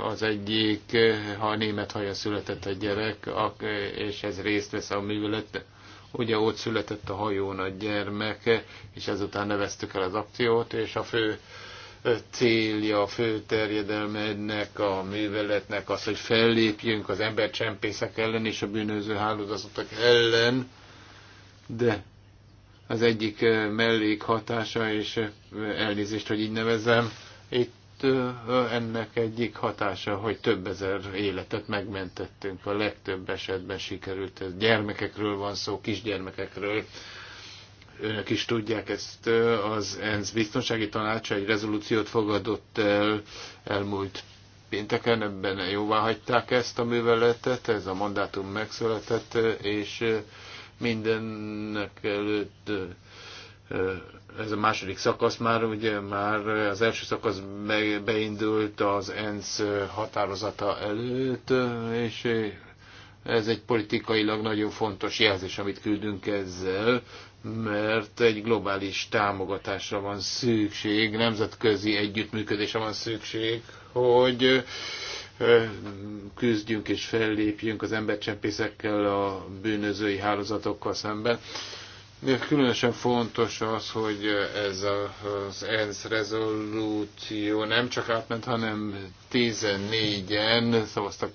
az egyik, ha a német haja született a gyerek, és ez részt vesz a művelet. Ugye ott született a hajón a gyermek, és ezután neveztük el az akciót, és a fő célja, a fő terjedelme ennek a műveletnek az, hogy fellépjünk az embercsempészek ellen és a bűnöző hálózatok ellen, de az egyik mellékhatása, és elnézést, hogy így nevezem, itt ennek egyik hatása, hogy több ezer életet megmentettünk, a legtöbb esetben sikerült, ez gyermekekről van szó, kisgyermekekről, önök is tudják ezt, az ENSZ biztonsági tanácsa egy rezolúciót fogadott el elmúlt pénteken, ebben jóvá hagyták ezt a műveletet, ez a mandátum megszületett, és mindennek előtt ez a második szakasz már, ugye már az első szakasz beindult az ENSZ határozata előtt, és ez egy politikailag nagyon fontos jelzés, amit küldünk ezzel mert egy globális támogatásra van szükség, nemzetközi együttműködésre van szükség, hogy küzdjünk és fellépjünk az embercsempészekkel, a bűnözői hálózatokkal szemben. Különösen fontos az, hogy ez az ENSZ rezolúció nem csak átment, hanem 14-en szavaztak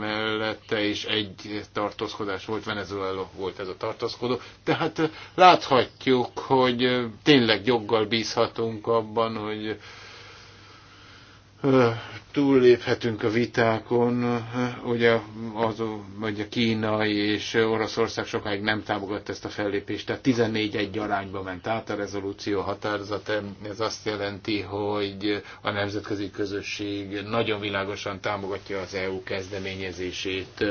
mellette, és egy tartózkodás volt, Venezuela volt ez a tartózkodó. Tehát láthatjuk, hogy tényleg joggal bízhatunk abban, hogy túlléphetünk a vitákon, ugye, az, ugye Kínai és Oroszország sokáig nem támogatta ezt a fellépést, tehát 14 egy arányba ment át a rezolúció határozat, ez azt jelenti, hogy a nemzetközi közösség nagyon világosan támogatja az EU kezdeményezését,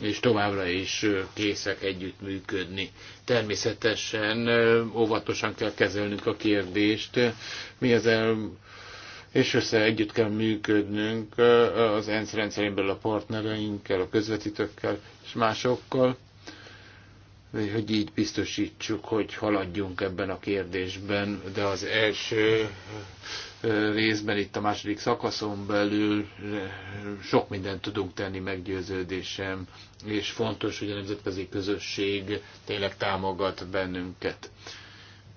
és továbbra is készek együttműködni. Természetesen óvatosan kell kezelnünk a kérdést, mi az el és össze együtt kell működnünk az ENSZ rendszerén belül a partnereinkkel, a közvetítőkkel és másokkal, hogy így biztosítsuk, hogy haladjunk ebben a kérdésben, de az első részben, itt a második szakaszon belül sok mindent tudunk tenni meggyőződésem, és fontos, hogy a nemzetközi közösség tényleg támogat bennünket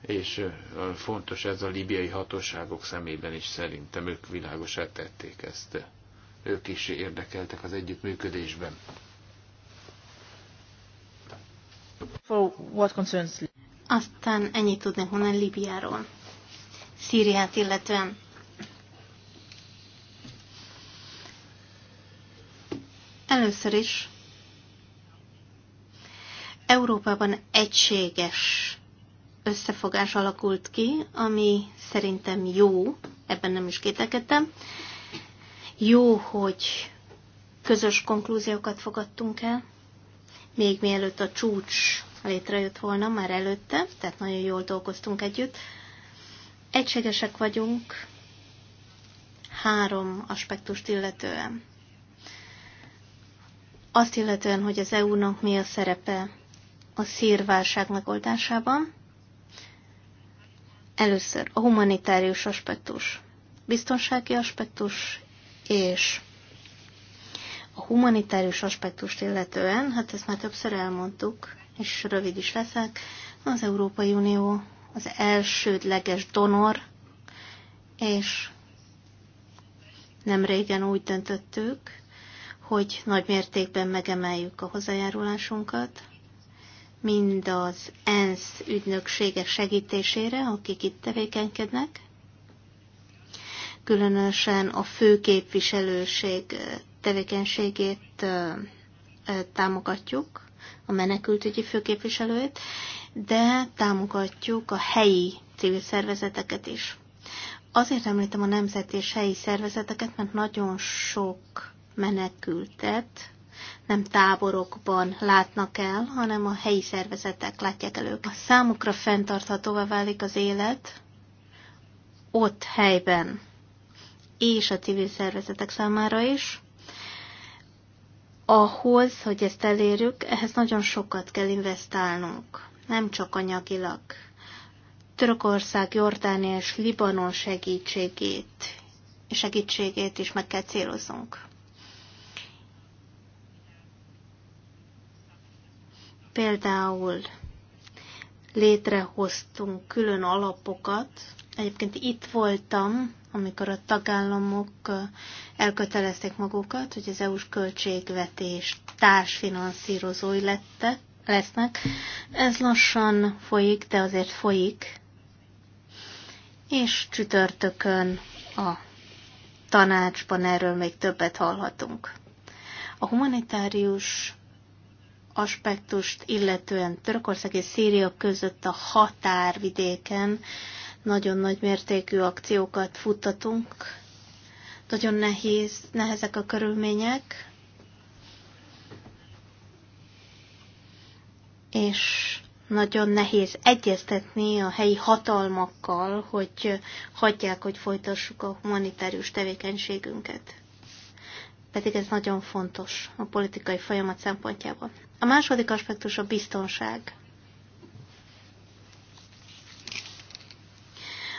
és fontos ez a libiai hatóságok szemében is szerintem ők világosá tették ezt. Ők is érdekeltek az együttműködésben. For what concerns... Aztán ennyit tudnék mondani Libiáról. Szíriát illetően. Először is Európában egységes összefogás alakult ki, ami szerintem jó, ebben nem is kételkedtem. Jó, hogy közös konklúziókat fogadtunk el, még mielőtt a csúcs létrejött volna, már előtte, tehát nagyon jól dolgoztunk együtt. Egységesek vagyunk három aspektust illetően. Azt illetően, hogy az EU-nak mi a szerepe a szírválság megoldásában, Először a humanitárius aspektus, biztonsági aspektus, és a humanitárius aspektust illetően, hát ezt már többször elmondtuk, és rövid is leszek, az Európai Unió az elsődleges donor, és nem régen úgy döntöttük, hogy nagy mértékben megemeljük a hozzájárulásunkat, mind az ENSZ ügynöksége segítésére, akik itt tevékenykednek, különösen a főképviselőség tevékenységét támogatjuk, a menekültügyi főképviselőjét, de támogatjuk a helyi civil szervezeteket is. Azért említem a nemzeti és helyi szervezeteket, mert nagyon sok menekültet nem táborokban látnak el, hanem a helyi szervezetek látják el őket. A számukra fenntarthatóvá válik az élet ott helyben, és a civil szervezetek számára is. Ahhoz, hogy ezt elérjük, ehhez nagyon sokat kell investálnunk, nem csak anyagilag. Törökország, Jordánia és Libanon segítségét, segítségét is meg kell céloznunk. Például létrehoztunk külön alapokat. Egyébként itt voltam, amikor a tagállamok elkötelezték magukat, hogy az EU-s költségvetés társfinanszírozói lettek, lesznek. Ez lassan folyik, de azért folyik. És csütörtökön a tanácsban erről még többet hallhatunk. A humanitárius aspektust illetően Törökország és Szíria között a határvidéken nagyon nagy mértékű akciókat futtatunk. Nagyon nehéz, nehezek a körülmények, és nagyon nehéz egyeztetni a helyi hatalmakkal, hogy hagyják, hogy folytassuk a humanitárius tevékenységünket. Pedig ez nagyon fontos a politikai folyamat szempontjából. A második aspektus a biztonság.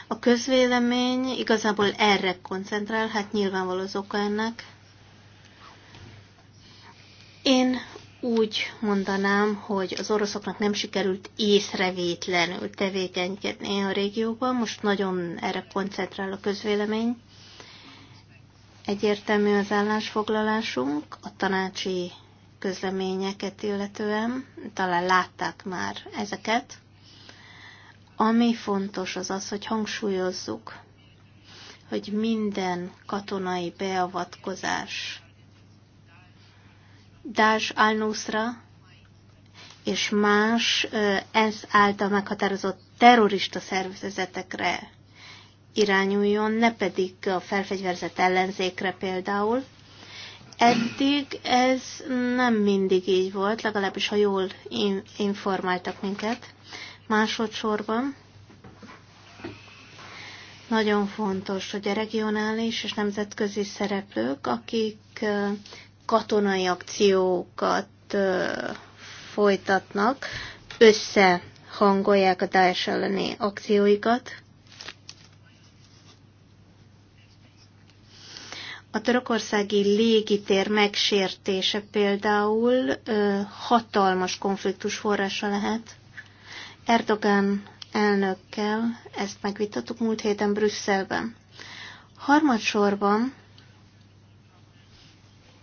A közvélemény igazából erre koncentrál, hát nyilvánvaló az oka ennek. Én úgy mondanám, hogy az oroszoknak nem sikerült észrevétlenül tevékenykedni a régióban, most nagyon erre koncentrál a közvélemény. Egyértelmű az állásfoglalásunk, a tanácsi közleményeket illetően, talán látták már ezeket. Ami fontos az az, hogy hangsúlyozzuk, hogy minden katonai beavatkozás Dás al és más ez által meghatározott terrorista szervezetekre irányuljon, ne pedig a felfegyverzett ellenzékre például, Eddig ez nem mindig így volt, legalábbis ha jól informáltak minket. Másodszorban nagyon fontos, hogy a regionális és nemzetközi szereplők, akik katonai akciókat folytatnak, összehangolják a Daesh elleni akcióikat, A törökországi légitér megsértése például ö, hatalmas konfliktus forrása lehet. Erdogan elnökkel ezt megvitattuk múlt héten Brüsszelben. Harmadsorban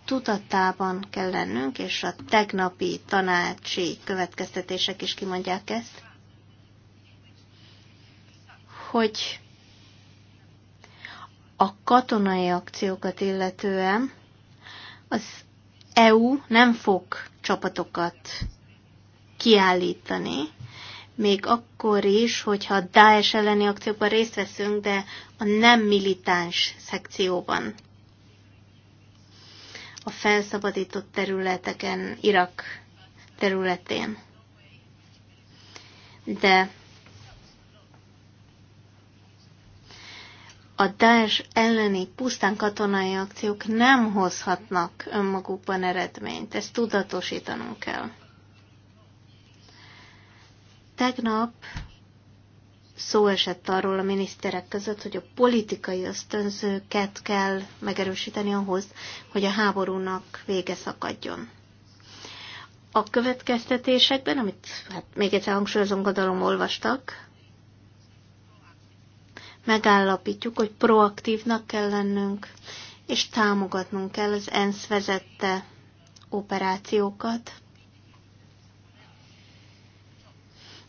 tudatában kell lennünk, és a tegnapi tanácsi következtetések is kimondják ezt, hogy a katonai akciókat illetően az EU nem fog csapatokat kiállítani, még akkor is, hogyha a Daesh elleni akcióban részt veszünk, de a nem militáns szekcióban. A felszabadított területeken, Irak területén. De a Daesh elleni pusztán katonai akciók nem hozhatnak önmagukban eredményt. Ezt tudatosítanunk kell. Tegnap szó esett arról a miniszterek között, hogy a politikai ösztönzőket kell megerősíteni ahhoz, hogy a háborúnak vége szakadjon. A következtetésekben, amit hát még egyszer hangsúlyozom, gondolom olvastak, megállapítjuk, hogy proaktívnak kell lennünk, és támogatnunk kell az ENSZ vezette operációkat.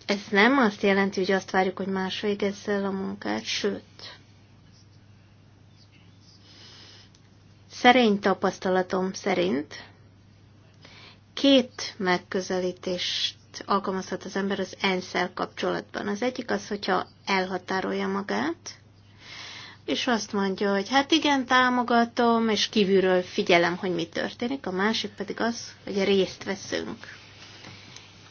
Ez nem azt jelenti, hogy azt várjuk, hogy más végezze el a munkát, sőt. Szerény tapasztalatom szerint két megközelítést alkalmazhat az ember az ensz kapcsolatban. Az egyik az, hogyha elhatárolja magát, és azt mondja, hogy hát igen, támogatom, és kívülről figyelem, hogy mi történik. A másik pedig az, hogy részt veszünk.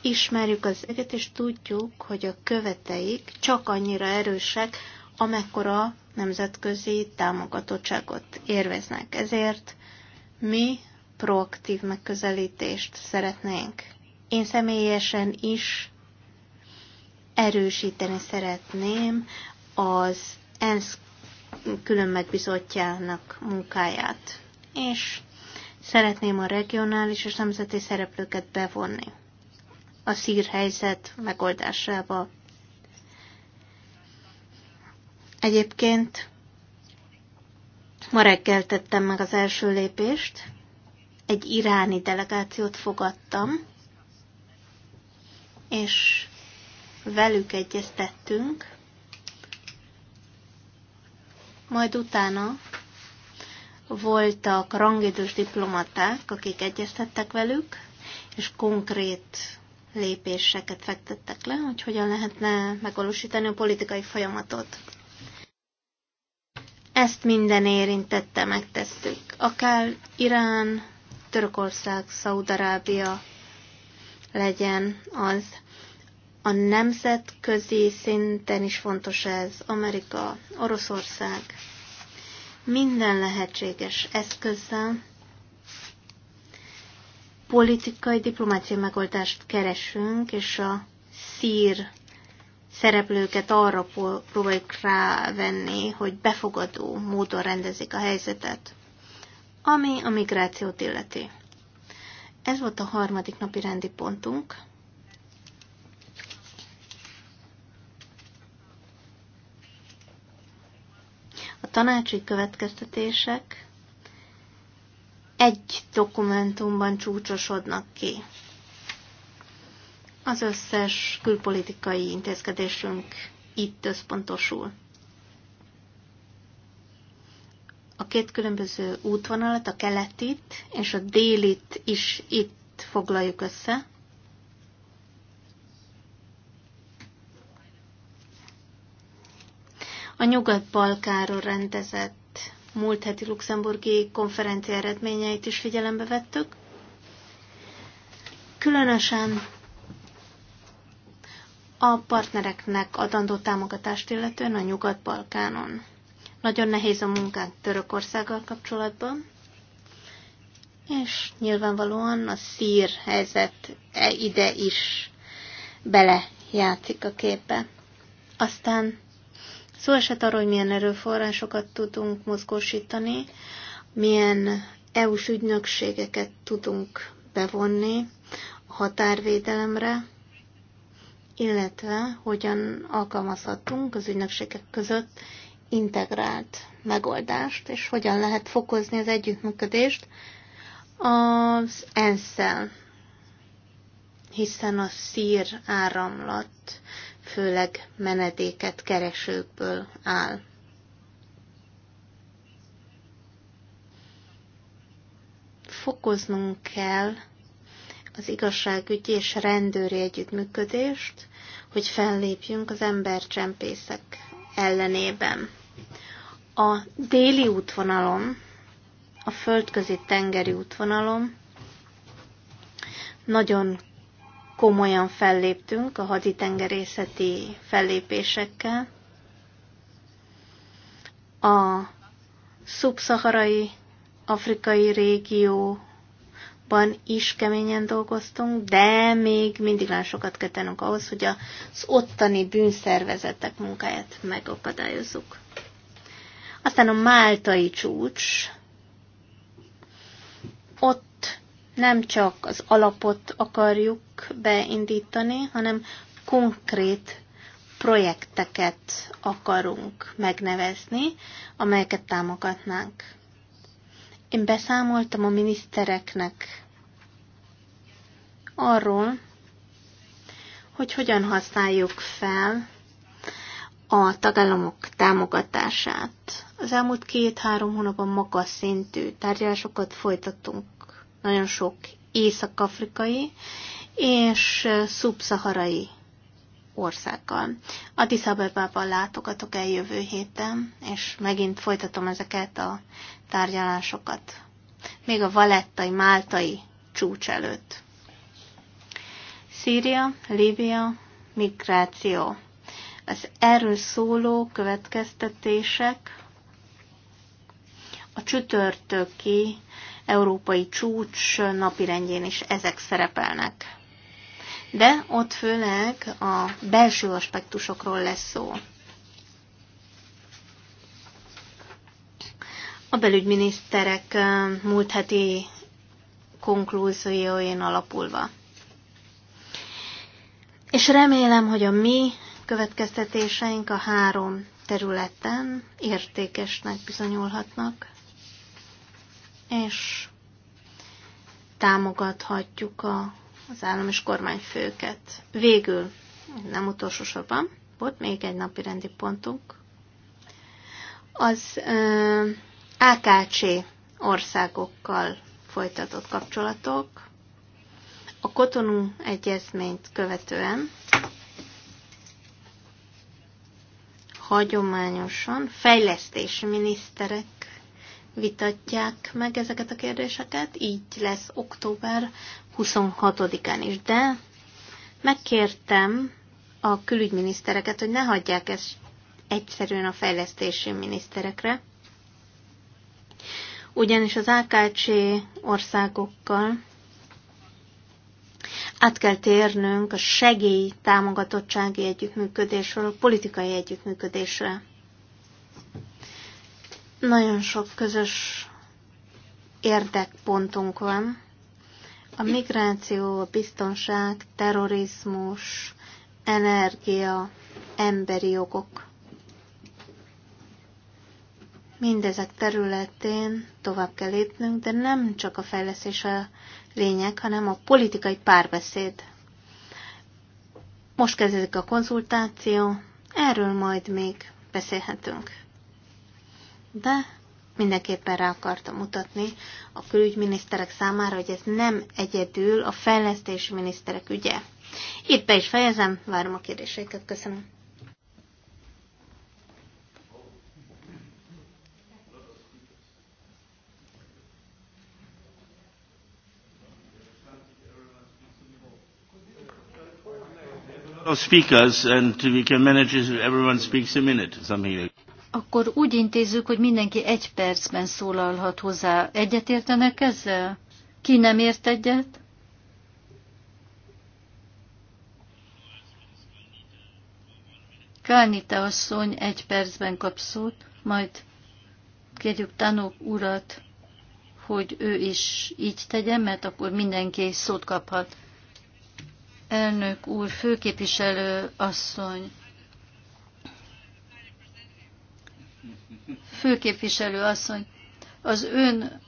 Ismerjük az eget, és tudjuk, hogy a követeik csak annyira erősek, amekkora nemzetközi támogatottságot érveznek. Ezért mi proaktív megközelítést szeretnénk. Én személyesen is erősíteni szeretném az ENSZ külön megbizotjának munkáját, és szeretném a regionális és nemzeti szereplőket bevonni a szírhelyzet megoldásába. Egyébként ma reggel tettem meg az első lépést, egy iráni delegációt fogadtam, és velük egyeztettünk, majd utána voltak rangidős diplomaták, akik egyeztettek velük, és konkrét lépéseket fektettek le, hogy hogyan lehetne megvalósítani a politikai folyamatot. Ezt minden érintette, megtesszük. Akár Irán, Törökország, Szaudarábia legyen az, a nemzetközi szinten is fontos ez, Amerika, Oroszország, minden lehetséges eszközzel politikai, diplomáciai megoldást keresünk, és a szír szereplőket arra próbáljuk rávenni, hogy befogadó módon rendezik a helyzetet, ami a migrációt illeti. Ez volt a harmadik napi rendi pontunk. A tanácsi következtetések egy dokumentumban csúcsosodnak ki. Az összes külpolitikai intézkedésünk itt összpontosul. A két különböző útvonalat, a keletit és a délit is itt foglaljuk össze, A Nyugat-Balkáról rendezett múlt heti luxemburgi konferencia eredményeit is figyelembe vettük. Különösen a partnereknek adandó támogatást illetően a Nyugat-Balkánon. Nagyon nehéz a munkánk Törökországgal kapcsolatban, és nyilvánvalóan a szír helyzet e ide is belejátszik a képbe. Aztán Szó esett arról, hogy milyen erőforrásokat tudunk mozgósítani, milyen EU-s ügynökségeket tudunk bevonni a határvédelemre, illetve hogyan alkalmazhatunk az ügynökségek között integrált megoldást, és hogyan lehet fokozni az együttműködést az ENSZ-el, hiszen a szír áramlat főleg menedéket keresőkből áll. Fokoznunk kell az igazságügyi és rendőri együttműködést, hogy fellépjünk az embercsempészek ellenében. A déli útvonalon, a földközi tengeri útvonalon nagyon komolyan felléptünk a haditengerészeti fellépésekkel. A szubszaharai afrikai régióban is keményen dolgoztunk, de még mindig nagyon sokat kell tennünk ahhoz, hogy az ottani bűnszervezetek munkáját megakadályozzuk. Aztán a máltai csúcs, ott nem csak az alapot akarjuk beindítani, hanem konkrét projekteket akarunk megnevezni, amelyeket támogatnánk. Én beszámoltam a minisztereknek arról, hogy hogyan használjuk fel a tagállamok támogatását. Az elmúlt két-három hónapban magas szintű tárgyalásokat folytatunk nagyon sok észak-afrikai és szubszaharai országgal. Addis Abebában látogatok el jövő héten, és megint folytatom ezeket a tárgyalásokat. Még a valettai, máltai csúcs előtt. Szíria, Líbia, migráció. Az erről szóló következtetések a csütörtöki európai csúcs napirendjén is ezek szerepelnek. De ott főleg a belső aspektusokról lesz szó. A belügyminiszterek múlt heti konklúzióin alapulva. És remélem, hogy a mi következtetéseink a három területen értékesnek bizonyulhatnak és támogathatjuk a, az állam és kormányfőket. Végül, nem utolsó sorban, volt még egy napi rendi pontunk, az uh, AKC országokkal folytatott kapcsolatok, a Kotonú egyezményt követően hagyományosan fejlesztési miniszterek vitatják meg ezeket a kérdéseket, így lesz október 26-án is. De megkértem a külügyminisztereket, hogy ne hagyják ezt egyszerűen a fejlesztési miniszterekre, ugyanis az AKC országokkal át kell térnünk a segély támogatottsági együttműködésről, a politikai együttműködésre. Nagyon sok közös érdekpontunk van. A migráció, a biztonság, terrorizmus, energia, emberi jogok. Mindezek területén tovább kell lépnünk, de nem csak a fejlesztés a lényeg, hanem a politikai párbeszéd. Most kezdődik a konzultáció, erről majd még beszélhetünk de mindenképpen rá akartam mutatni a külügyminiszterek számára, hogy ez nem egyedül a fejlesztési miniszterek ügye. Itt be is fejezem, várom a kérdéseiket, köszönöm. of speakers and we can manage if everyone speaks a minute, something like that. Akkor úgy intézzük, hogy mindenki egy percben szólalhat hozzá. értenek ezzel? Ki nem ért egyet? Kálnita asszony egy percben kap szót, majd kérjük tanúk urat, hogy ő is így tegye, mert akkor mindenki szót kaphat. Elnök úr, főképviselő asszony, főképviselő asszony, az ön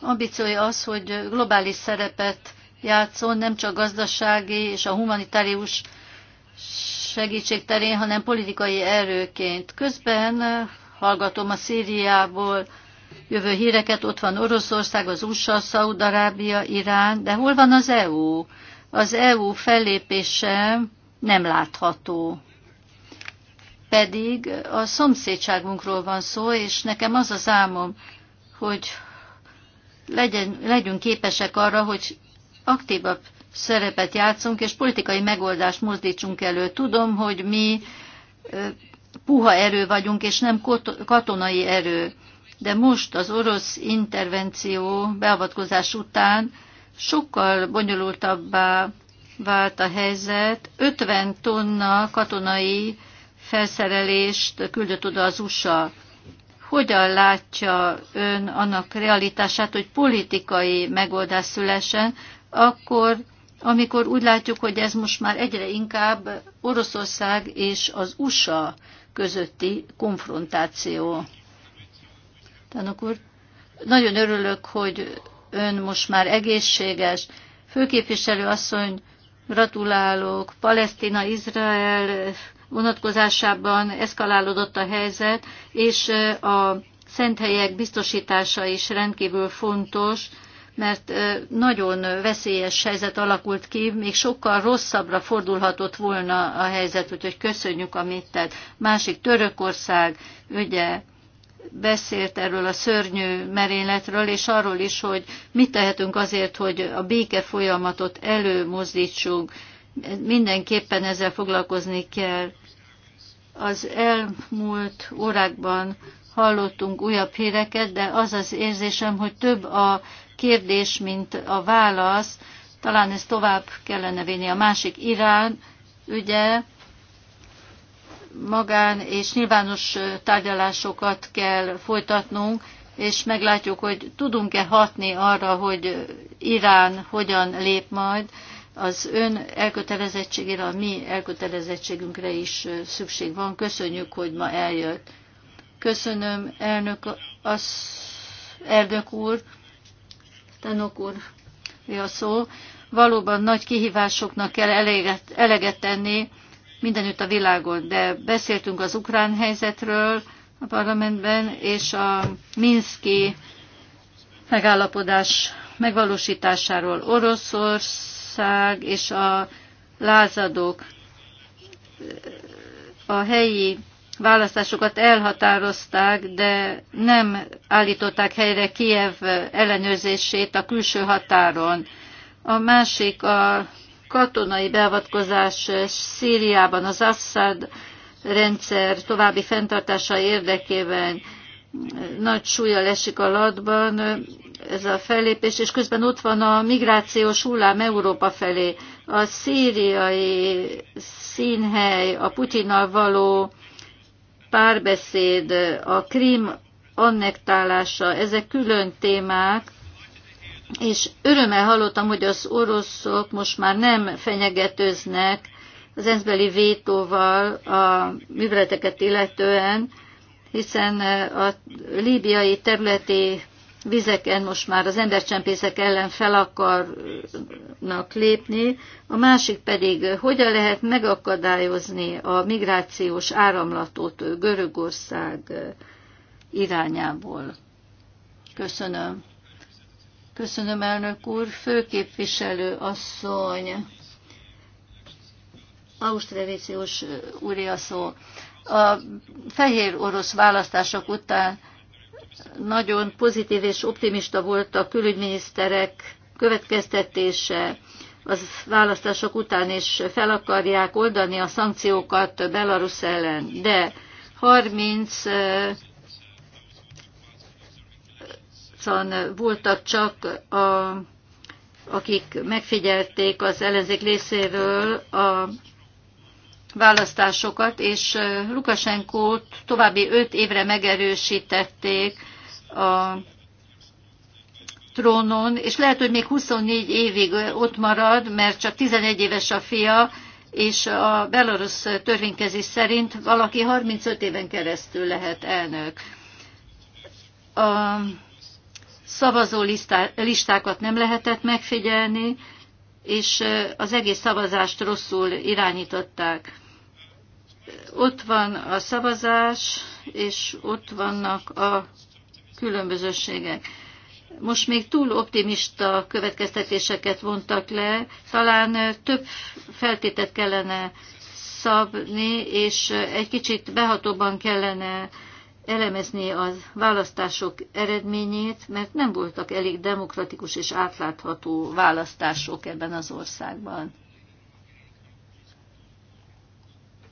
ambíciója az, hogy globális szerepet játszon, nem csak gazdasági és a humanitárius segítség terén, hanem politikai erőként. Közben hallgatom a Szíriából jövő híreket, ott van Oroszország, az USA, Szaudarábia, Irán, de hol van az EU? Az EU fellépése nem látható pedig a szomszédságunkról van szó, és nekem az az álmom, hogy legyen, legyünk képesek arra, hogy aktívabb szerepet játszunk, és politikai megoldást mozdítsunk elő. Tudom, hogy mi puha erő vagyunk, és nem katonai erő. De most az orosz intervenció beavatkozás után sokkal bonyolultabbá vált a helyzet. 50 tonna katonai felszerelést küldött oda az USA. Hogyan látja ön annak realitását, hogy politikai megoldás szülesen, akkor, amikor úgy látjuk, hogy ez most már egyre inkább Oroszország és az USA közötti konfrontáció. Tanok úr, nagyon örülök, hogy ön most már egészséges. Főképviselő asszony, gratulálok. Palesztina, Izrael vonatkozásában eszkalálódott a helyzet, és a szent helyek biztosítása is rendkívül fontos, mert nagyon veszélyes helyzet alakult ki, még sokkal rosszabbra fordulhatott volna a helyzet, úgyhogy köszönjük, amit tett. Másik Törökország, ugye beszélt erről a szörnyű merényletről, és arról is, hogy mit tehetünk azért, hogy a béke folyamatot előmozdítsunk. Mindenképpen ezzel foglalkozni kell. Az elmúlt órákban hallottunk újabb híreket, de az az érzésem, hogy több a kérdés, mint a válasz. Talán ezt tovább kellene vinni. A másik Irán ügye, magán és nyilvános tárgyalásokat kell folytatnunk, és meglátjuk, hogy tudunk-e hatni arra, hogy Irán hogyan lép majd, az ön elkötelezettségére, a mi elkötelezettségünkre is szükség van. Köszönjük, hogy ma eljött. Köszönöm, elnök, az, elnök úr, tanok úr, mi a szó. Valóban nagy kihívásoknak kell eleget, eleget tenni mindenütt a világon, de beszéltünk az ukrán helyzetről a parlamentben, és a Minszki megállapodás megvalósításáról Oroszország, ország és a lázadók a helyi választásokat elhatározták, de nem állították helyre Kiev ellenőrzését a külső határon. A másik a katonai beavatkozás Szíriában az Assad rendszer további fenntartása érdekében nagy súlya lesik a latban ez a fellépés, és közben ott van a migrációs hullám Európa felé. A szíriai színhely, a Putyinnal való párbeszéd, a krím annektálása, ezek külön témák, és örömmel hallottam, hogy az oroszok most már nem fenyegetőznek az ENSZ-beli vétóval a műveleteket illetően, hiszen eh, a líbiai területi vizeken most már az embercsempészek ellen fel akarnak lépni, a másik pedig eh, hogyan lehet megakadályozni a migrációs áramlatot eh, Görögország irányából. Köszönöm. Köszönöm, elnök úr. Főképviselő asszony, Ausztrevíciós úri a szó a fehér orosz választások után nagyon pozitív és optimista volt a külügyminiszterek következtetése az választások után, és fel akarják oldani a szankciókat Belarus ellen. De 30 voltak csak, a, akik megfigyelték az ellenzék részéről a választásokat, és Lukasenkót további öt évre megerősítették a trónon, és lehet, hogy még 24 évig ott marad, mert csak 11 éves a fia, és a belarus törvénykezés szerint valaki 35 éven keresztül lehet elnök. A szavazó listákat nem lehetett megfigyelni, és az egész szavazást rosszul irányították. Ott van a szavazás, és ott vannak a különbözőségek. Most még túl optimista következtetéseket vontak le, talán több feltétet kellene szabni, és egy kicsit behatóban kellene elemezni a választások eredményét, mert nem voltak elég demokratikus és átlátható választások ebben az országban.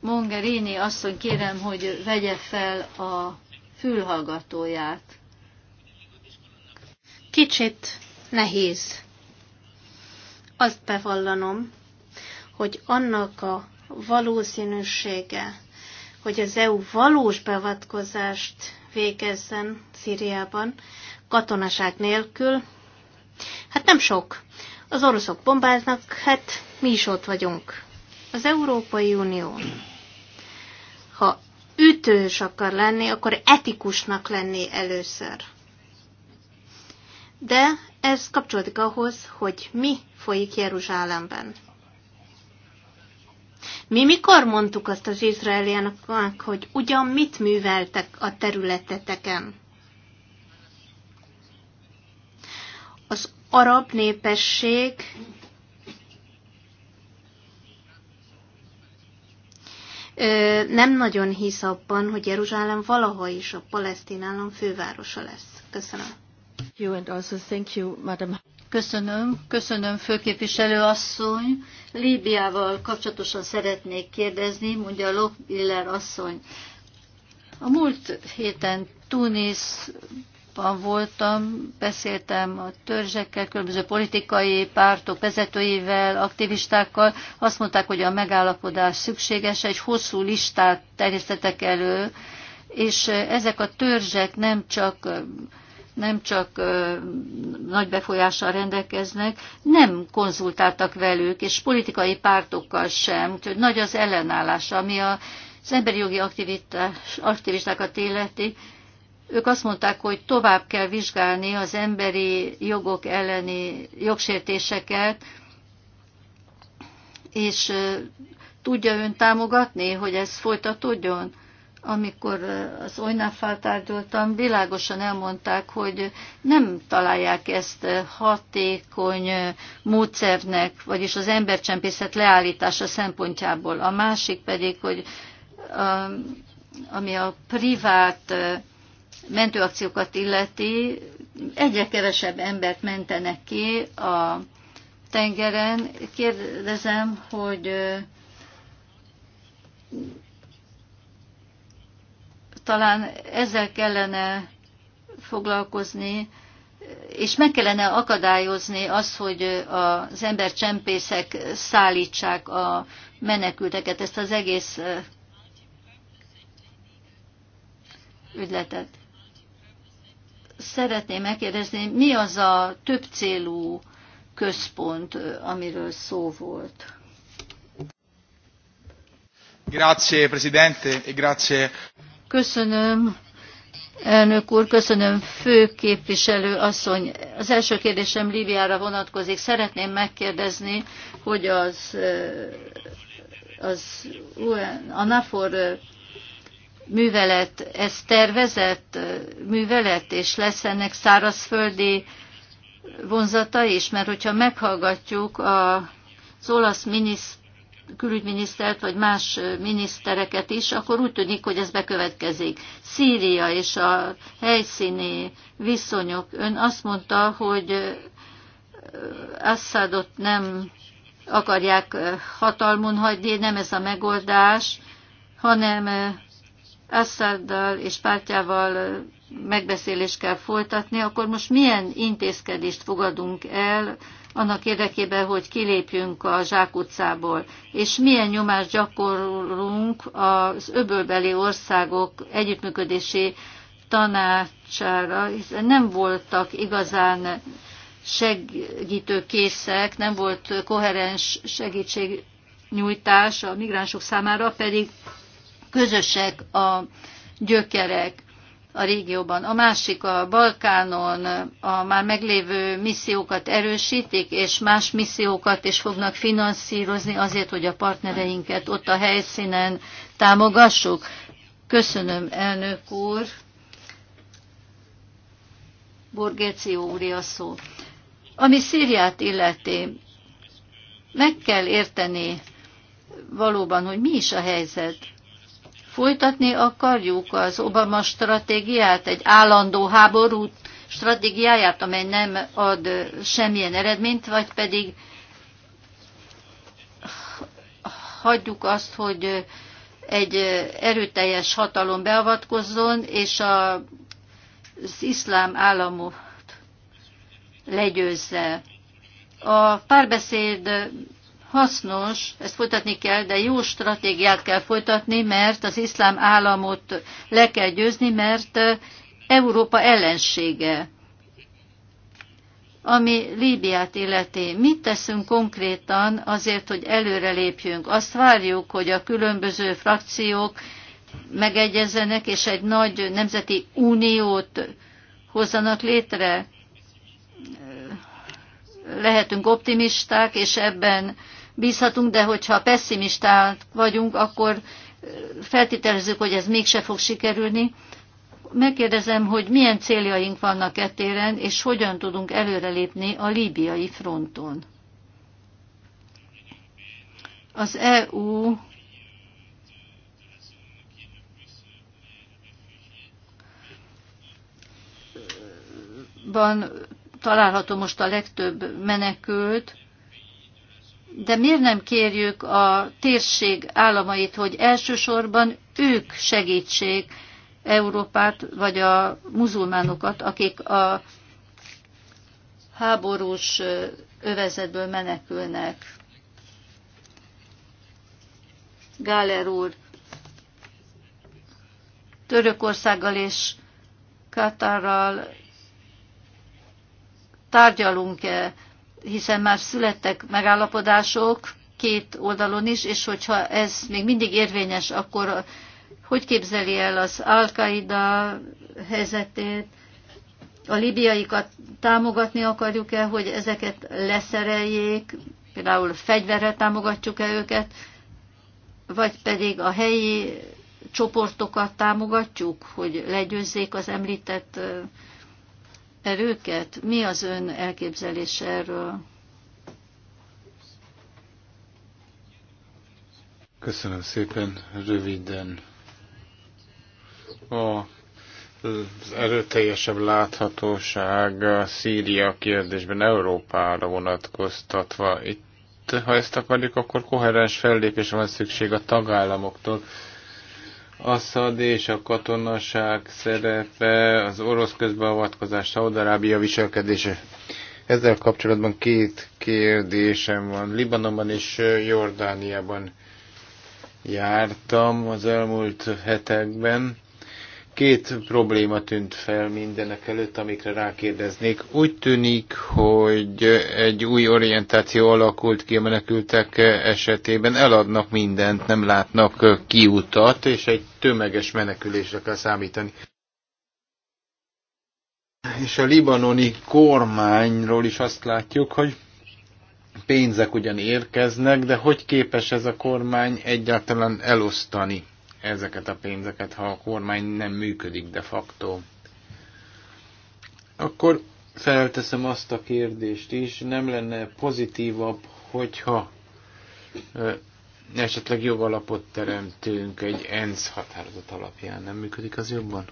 Mongerini asszony kérem, hogy vegye fel a fülhallgatóját. Kicsit nehéz azt bevallanom, hogy annak a valószínűsége, hogy az EU valós beavatkozást végezzen Szíriában, katonaság nélkül, hát nem sok. Az oroszok bombáznak, hát mi is ott vagyunk. Az Európai Unió ha ütős akar lenni, akkor etikusnak lenni először. De ez kapcsolódik ahhoz, hogy mi folyik Jeruzsálemben. Mi mikor mondtuk azt az izraeliának, hogy ugyan mit műveltek a területeteken? Az arab népesség nem nagyon hisz abban, hogy Jeruzsálem valaha is a palesztin állam fővárosa lesz. Köszönöm. You and also thank you, madam. Köszönöm, köszönöm főképviselő asszony. Líbiával kapcsolatosan szeretnék kérdezni, mondja Lokbiller asszony. A múlt héten Tunis Európában voltam, beszéltem a törzsekkel, különböző politikai pártok vezetőivel, aktivistákkal. Azt mondták, hogy a megállapodás szükséges, egy hosszú listát terjesztetek elő, és ezek a törzsek nem csak nem csak ö, nagy befolyással rendelkeznek, nem konzultáltak velük, és politikai pártokkal sem, úgyhogy nagy az ellenállás, ami a, az emberi jogi aktivitás, aktivistákat illeti. Ők azt mondták, hogy tovább kell vizsgálni az emberi jogok elleni jogsértéseket, és tudja ön támogatni, hogy ez folytatódjon? Amikor az Ojnáffal tárgyaltam, világosan elmondták, hogy nem találják ezt hatékony módszernek, vagyis az embercsempészet leállítása szempontjából. A másik pedig, hogy ami a privát mentőakciókat illeti, egyre kevesebb embert mentenek ki a tengeren. Kérdezem, hogy talán ezzel kellene foglalkozni, és meg kellene akadályozni azt, hogy az embercsempészek szállítsák a menekülteket, ezt az egész ügyletet szeretném megkérdezni, mi az a több célú központ, amiről szó volt? Grazie, Presidente, e grazie. Köszönöm, elnök úr, köszönöm főképviselő asszony. Az első kérdésem Líviára vonatkozik. Szeretném megkérdezni, hogy az, az a NAFOR művelet, ez tervezett művelet, és lesz ennek szárazföldi vonzata is, mert hogyha meghallgatjuk az olasz miniszt, külügyminisztert vagy más minisztereket is, akkor úgy tűnik, hogy ez bekövetkezik. Szíria és a helyszíni viszonyok. Ön azt mondta, hogy Assadot nem akarják hatalmon hagyni, nem ez a megoldás, hanem Assaddal és pártjával megbeszélést kell folytatni, akkor most milyen intézkedést fogadunk el annak érdekében, hogy kilépjünk a zsákutcából, és milyen nyomást gyakorlunk az öbölbeli országok együttműködési tanácsára, hiszen nem voltak igazán segítőkészek, nem volt koherens segítség nyújtás a migránsok számára, pedig közösek a gyökerek a régióban. A másik a Balkánon a már meglévő missziókat erősítik, és más missziókat is fognak finanszírozni azért, hogy a partnereinket ott a helyszínen támogassuk. Köszönöm, elnök úr. Borgéció úri a szó. Ami Szíriát illeti, meg kell érteni valóban, hogy mi is a helyzet. Folytatni akarjuk az Obama stratégiát, egy állandó háborút stratégiáját, amely nem ad semmilyen eredményt, vagy pedig hagyjuk azt, hogy egy erőteljes hatalom beavatkozzon, és a, az iszlám államot legyőzze. A párbeszéd hasznos, ezt folytatni kell, de jó stratégiát kell folytatni, mert az iszlám államot le kell győzni, mert Európa ellensége. Ami Líbiát illeti, mit teszünk konkrétan azért, hogy előrelépjünk? Azt várjuk, hogy a különböző frakciók megegyezzenek, és egy nagy nemzeti uniót hozzanak létre. Lehetünk optimisták, és ebben bízhatunk, de hogyha pessimisták vagyunk, akkor feltételezzük, hogy ez mégse fog sikerülni. Megkérdezem, hogy milyen céljaink vannak e téren, és hogyan tudunk előrelépni a líbiai fronton. Az EU ban található most a legtöbb menekült, de miért nem kérjük a térség államait, hogy elsősorban ők segítsék Európát vagy a muzulmánokat, akik a háborús övezetből menekülnek. Gáler úr, Törökországgal és Katarral tárgyalunk-e hiszen már születtek megállapodások két oldalon is, és hogyha ez még mindig érvényes, akkor hogy képzeli el az Al-Qaida helyzetét, a libiaikat támogatni akarjuk-e, hogy ezeket leszereljék, például fegyverre támogatjuk-e őket, vagy pedig a helyi csoportokat támogatjuk, hogy legyőzzék az említett Erőket. Mi az ön elképzelése erről? Köszönöm szépen, röviden. A az erőteljesebb láthatóság a Szíria kérdésben Európára vonatkoztatva. Itt, ha ezt akarjuk, akkor koherens fellépésre van szükség a tagállamoktól. Assad és a katonaság szerepe, az orosz közbeavatkozás, Szaudarábia viselkedése. Ezzel kapcsolatban két kérdésem van. Libanonban és Jordániában jártam az elmúlt hetekben, Két probléma tűnt fel mindenek előtt, amikre rákérdeznék. Úgy tűnik, hogy egy új orientáció alakult ki a menekültek esetében, eladnak mindent, nem látnak kiutat, és egy tömeges menekülésre kell számítani. És a libanoni kormányról is azt látjuk, hogy pénzek ugyan érkeznek, de hogy képes ez a kormány egyáltalán elosztani ezeket a pénzeket, ha a kormány nem működik de facto. Akkor felteszem azt a kérdést is, nem lenne pozitívabb, hogyha esetleg jogalapot teremtünk egy ENSZ határozat alapján, nem működik az jobban?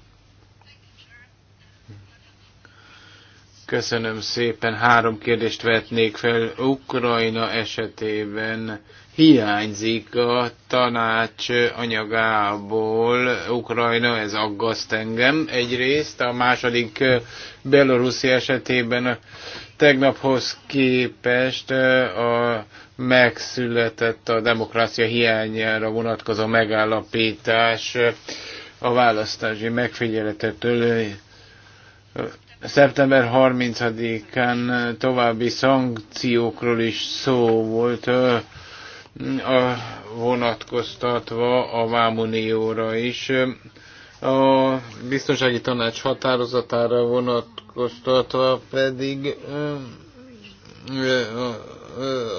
Köszönöm szépen. Három kérdést vetnék fel. Ukrajna esetében hiányzik a tanács anyagából Ukrajna, ez aggaszt engem egyrészt. A második Belorusszi esetében tegnaphoz képest a megszületett a demokrácia hiányára vonatkozó megállapítás a választási megfigyeletetől Szeptember 30-án további szankciókról is szó volt, a vonatkoztatva a Vámunióra is. A biztonsági tanács határozatára vonatkoztatva pedig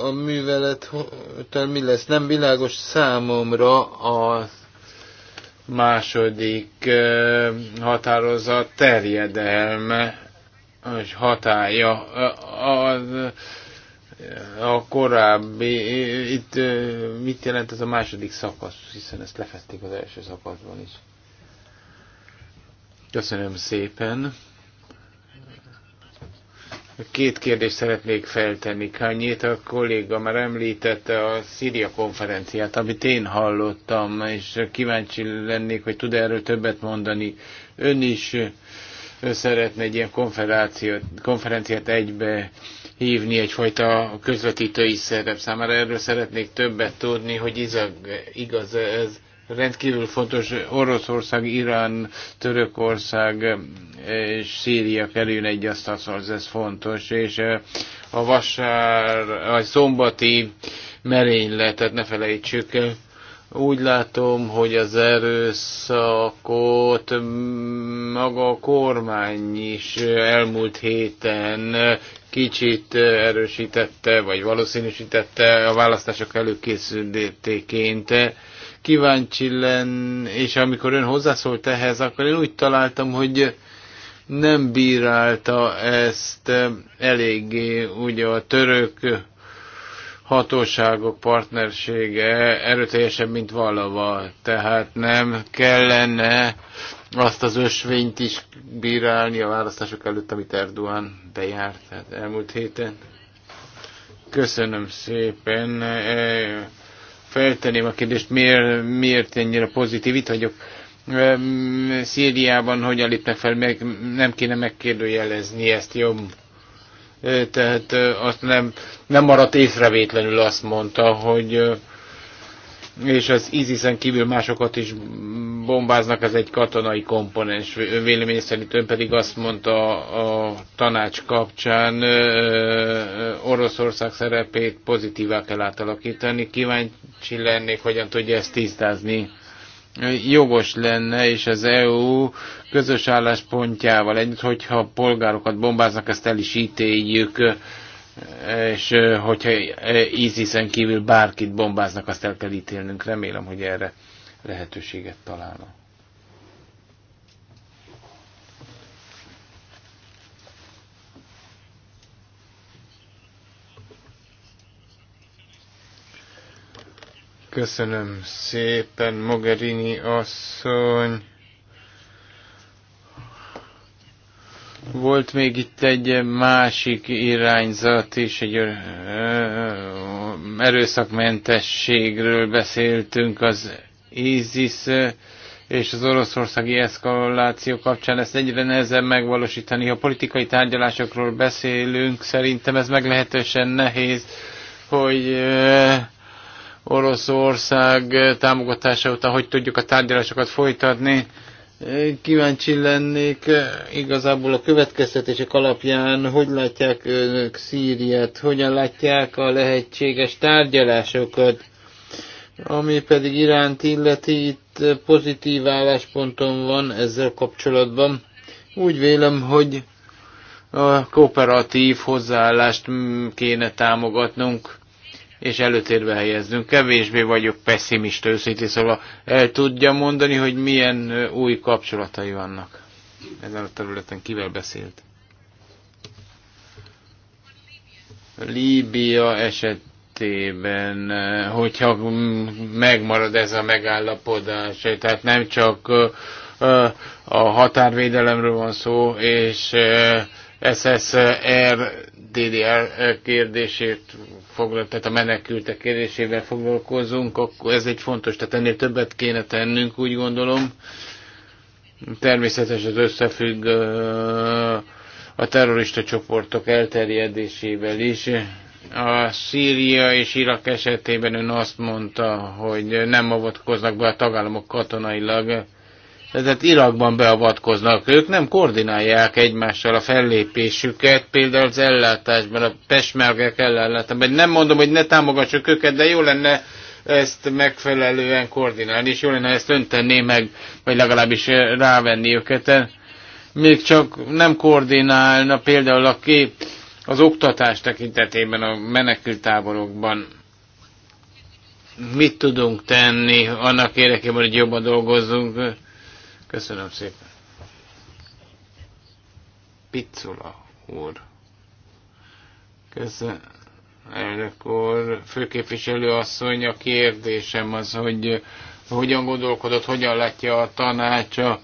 a művelet mi lesz? Nem világos számomra az második határozat terjedelme és hatája az a korábbi, itt mit jelent ez a második szakasz, hiszen ezt lefették az első szakaszban is. Köszönöm szépen. Két kérdést szeretnék feltenni. Kanyét a kolléga már említette a Szíria konferenciát, amit én hallottam, és kíváncsi lennék, hogy tud erről többet mondani. Ön is szeretne egy ilyen konferenciát egybe hívni egyfajta közvetítői szerep számára. Erről szeretnék többet tudni, hogy izag, igaz ez rendkívül fontos Oroszország, Irán, Törökország és Szíria kerül egy asztalhoz, ez fontos, és eh, a vasár, a szombati merényletet ne felejtsük el. Úgy látom, hogy az erőszakot mm, maga a kormány is elmúlt héten kicsit erősítette, vagy valószínűsítette a választások előkészültéként kíváncsi lenn, és amikor ön hozzászólt ehhez, akkor én úgy találtam, hogy nem bírálta ezt eh, eléggé ugye a török hatóságok partnersége erőteljesebb, mint valava. Tehát nem kellene azt az ösvényt is bírálni a választások előtt, amit Erdogan bejárt tehát elmúlt héten. Köszönöm szépen. Eh, feltenném a kérdést, miért, miért ennyire pozitív, itt vagyok. Szíriában hogyan lépnek fel, meg, nem kéne megkérdőjelezni ezt jobb. Tehát azt nem, nem maradt észrevétlenül azt mondta, hogy és az ISIS-en kívül másokat is bombáznak, ez egy katonai komponens. Vélemény szerint ön pedig azt mondta a tanács kapcsán, Oroszország szerepét pozitívá kell átalakítani. Kíváncsi lennék, hogyan tudja ezt tisztázni. Jogos lenne, és az EU közös álláspontjával együtt, hogyha polgárokat bombáznak, ezt el is ítéljük és hogyha ISIS-en kívül bárkit bombáznak, azt el kell ítélnünk. Remélem, hogy erre lehetőséget találnak. Köszönöm szépen, Mogherini asszony. Volt még itt egy másik irányzat is, egy erőszakmentességről beszéltünk az ISIS és az oroszországi eszkaláció kapcsán ezt egyre nehezebb megvalósítani. Ha politikai tárgyalásokról beszélünk, szerintem ez meglehetősen nehéz, hogy Oroszország támogatása után hogy tudjuk a tárgyalásokat folytatni. Kíváncsi lennék eh, igazából a következtetések alapján, hogy látják önök Szíriát, hogyan látják a lehetséges tárgyalásokat, ami pedig iránt illeti, itt pozitív állásponton van ezzel kapcsolatban. Úgy vélem, hogy a kooperatív hozzáállást kéne támogatnunk és előtérbe helyeznünk. Kevésbé vagyok pessimista, őszintén szóval el tudja mondani, hogy milyen új kapcsolatai vannak. Ezen a területen kivel beszélt? Líbia esetében, hogyha megmarad ez a megállapodás, tehát nem csak a határvédelemről van szó, és SSR DDR kérdését foglal, tehát a menekültek kérdésével foglalkozunk, akkor ez egy fontos, tehát ennél többet kéne tennünk, úgy gondolom. Természetesen az összefügg a terrorista csoportok elterjedésével is. A Szíria és Irak esetében ön azt mondta, hogy nem avatkoznak be a tagállamok katonailag tehát Irakban beavatkoznak, ők nem koordinálják egymással a fellépésüket, például az ellátásban, a pesmergek ellátásban. Nem mondom, hogy ne támogassuk őket, de jó lenne ezt megfelelően koordinálni, és jó lenne ezt öntenné meg, vagy legalábbis eh, rávenni őket. Még csak nem koordinálna például a az oktatás tekintetében a menekültáborokban mit tudunk tenni annak érdekében, hogy jobban dolgozzunk. Köszönöm szépen. Pizzula úr. Köszönöm. Elnök úr, főképviselő asszony, a kérdésem az, hogy hogyan gondolkodott, hogyan látja a tanácsa,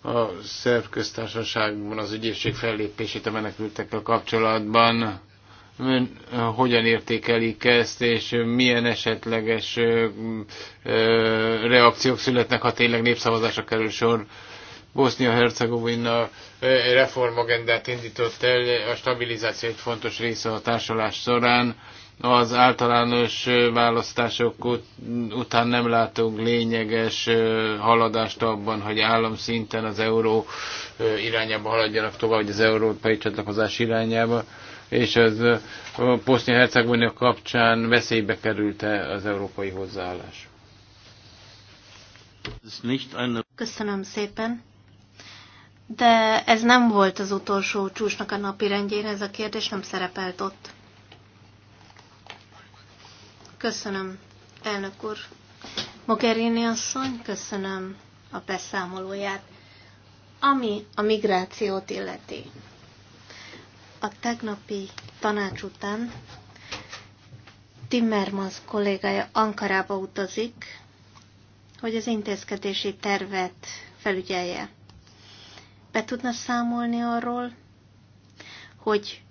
a, a szerb köztársaságban az ügyészség fellépését a menekültekkel kapcsolatban ön hogyan értékelik ezt, és milyen esetleges reakciók születnek, ha tényleg népszavazásra kerül sor. Bosznia-Hercegovina reformagendát indított el, a stabilizáció egy fontos része a társulás során. Az általános választások ut után nem látunk lényeges haladást abban, hogy államszinten az euró irányába haladjanak tovább, vagy az európai csatlakozás irányába és az Bosznia-Hercegovina kapcsán veszélybe került-e az európai hozzáállás? Köszönöm szépen. De ez nem volt az utolsó csúcsnak a napi rendjén, ez a kérdés nem szerepelt ott. Köszönöm, elnök úr. Mogherini asszony, köszönöm a beszámolóját. Ami a migrációt illeti a tegnapi tanács után Timmermans kollégája Ankarába utazik, hogy az intézkedési tervet felügyelje. Be tudna számolni arról, hogy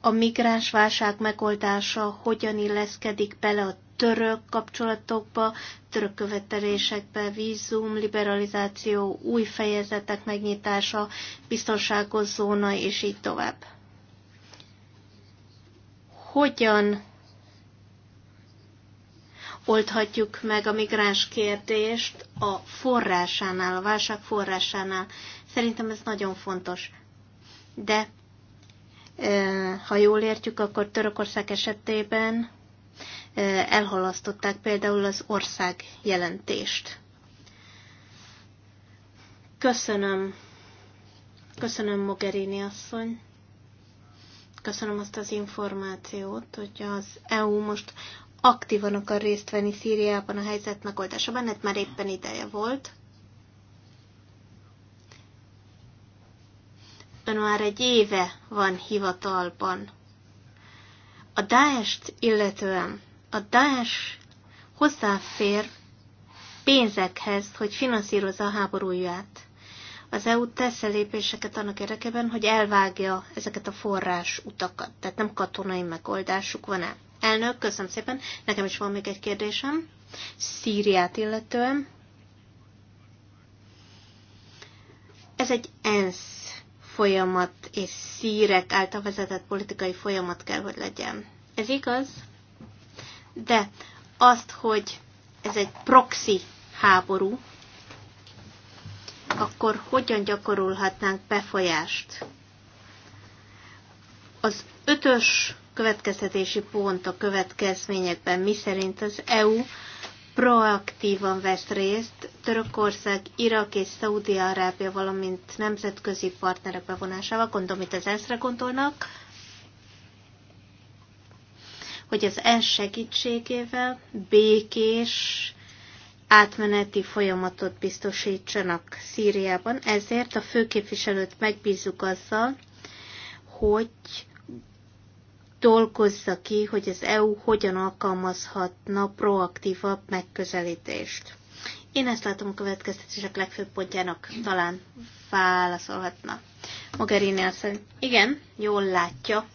a migráns válság megoldása hogyan illeszkedik bele a török kapcsolatokba, török követelésekbe, vízum, liberalizáció, új fejezetek megnyitása, biztonságos zóna, és így tovább. Hogyan oldhatjuk meg a migráns kérdést a forrásánál, a válság forrásánál? Szerintem ez nagyon fontos. De ha jól értjük, akkor Törökország esetében elhalasztották például az ország jelentést. Köszönöm. Köszönöm, Mogherini asszony. Köszönöm azt az információt, hogy az EU most aktívan akar részt venni Szíriában a helyzet megoldásában, mert hát már éppen ideje volt. Ön már egy éve van hivatalban. A Daest illetően a Daesh hozzáfér pénzekhez, hogy finanszírozza a háborúját. Az EU tesz lépéseket annak érdekében, hogy elvágja ezeket a forrás utakat, tehát nem katonai megoldásuk van-e. Elnök, köszönöm szépen. Nekem is van még egy kérdésem. Szíriát illetően. Ez egy ENSZ folyamat és szírek által vezetett politikai folyamat kell, hogy legyen. Ez igaz? De azt, hogy ez egy proxy háború, akkor hogyan gyakorolhatnánk befolyást? Az ötös következtetési pont a következményekben, szerint az EU proaktívan vesz részt Törökország, Irak és Szaudi-Arábia, valamint nemzetközi partnerek bevonásával, gondolom itt az ENSZ-re gondolnak, hogy az ENSZ segítségével békés átmeneti folyamatot biztosítsanak Szíriában. Ezért a főképviselőt megbízunk azzal, hogy dolgozza ki, hogy az EU hogyan alkalmazhatna proaktívabb megközelítést. Én ezt látom a következtetések legfőbb pontjának talán válaszolhatna. Mogherini asszony, igen, jól látja,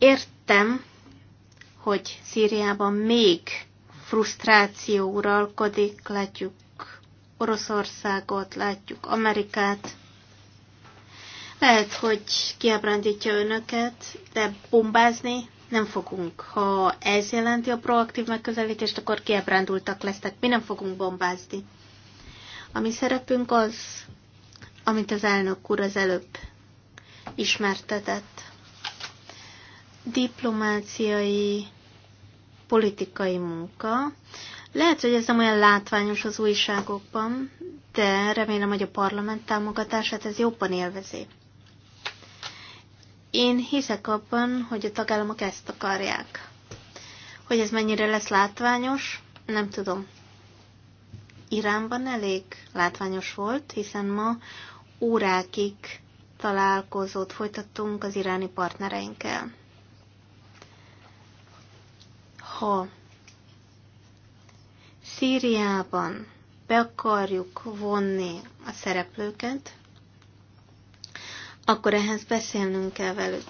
Értem, hogy Szíriában még frusztráció uralkodik, látjuk Oroszországot, látjuk Amerikát. Lehet, hogy kiábrándítja önöket, de bombázni nem fogunk. Ha ez jelenti a proaktív megközelítést, akkor kiábrándultak lesznek. Mi nem fogunk bombázni. A mi szerepünk az, amit az elnök úr az előbb ismertetett diplomáciai, politikai munka. Lehet, hogy ez nem olyan látványos az újságokban, de remélem, hogy a parlament támogatását ez jobban élvezi. Én hiszek abban, hogy a tagállamok ezt akarják. Hogy ez mennyire lesz látványos, nem tudom. Iránban elég látványos volt, hiszen ma órákig találkozót folytattunk az iráni partnereinkkel ha Szíriában be akarjuk vonni a szereplőket, akkor ehhez beszélnünk kell velük.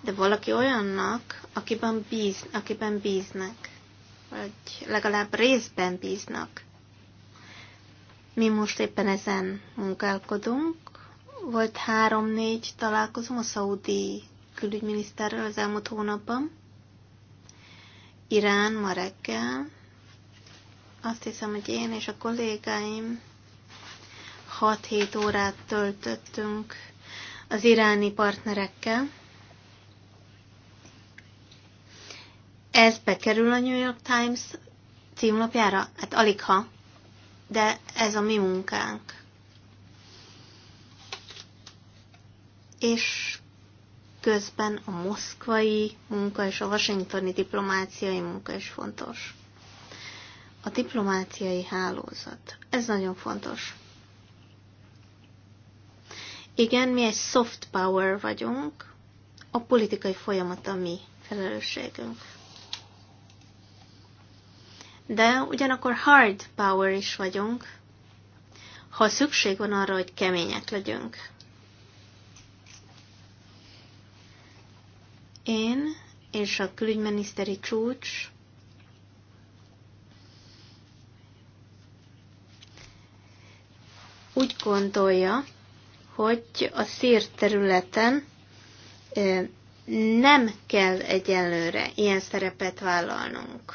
De valaki olyannak, akiben, bíz, akiben bíznak, vagy legalább részben bíznak. Mi most éppen ezen munkálkodunk. Volt három-négy találkozom a szaudi külügyminiszterrel az elmúlt hónapban. Irán ma reggel. Azt hiszem, hogy én és a kollégáim 6-7 órát töltöttünk az iráni partnerekkel. Ez bekerül a New York Times címlapjára? Hát alig ha, de ez a mi munkánk. És közben a moszkvai munka és a washingtoni diplomáciai munka is fontos. A diplomáciai hálózat. Ez nagyon fontos. Igen, mi egy soft power vagyunk, a politikai folyamat a mi felelősségünk. De ugyanakkor hard power is vagyunk, ha szükség van arra, hogy kemények legyünk. Én és a külügyminiszteri csúcs úgy gondolja, hogy a szír területen nem kell egyelőre ilyen szerepet vállalnunk.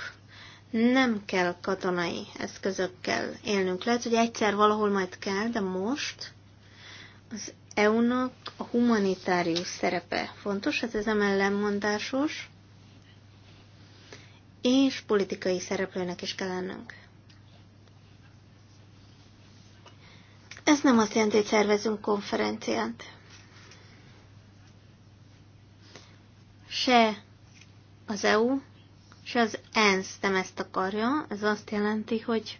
Nem kell katonai eszközökkel élnünk. Lehet, hogy egyszer valahol majd kell, de most az EU-nak a humanitárius szerepe fontos, ez nem ellenmondásos, és politikai szereplőnek is kell lennünk. Ez nem azt jelenti, hogy szervezünk konferenciát. Se az EU, se az ENSZ nem ezt akarja, ez azt jelenti, hogy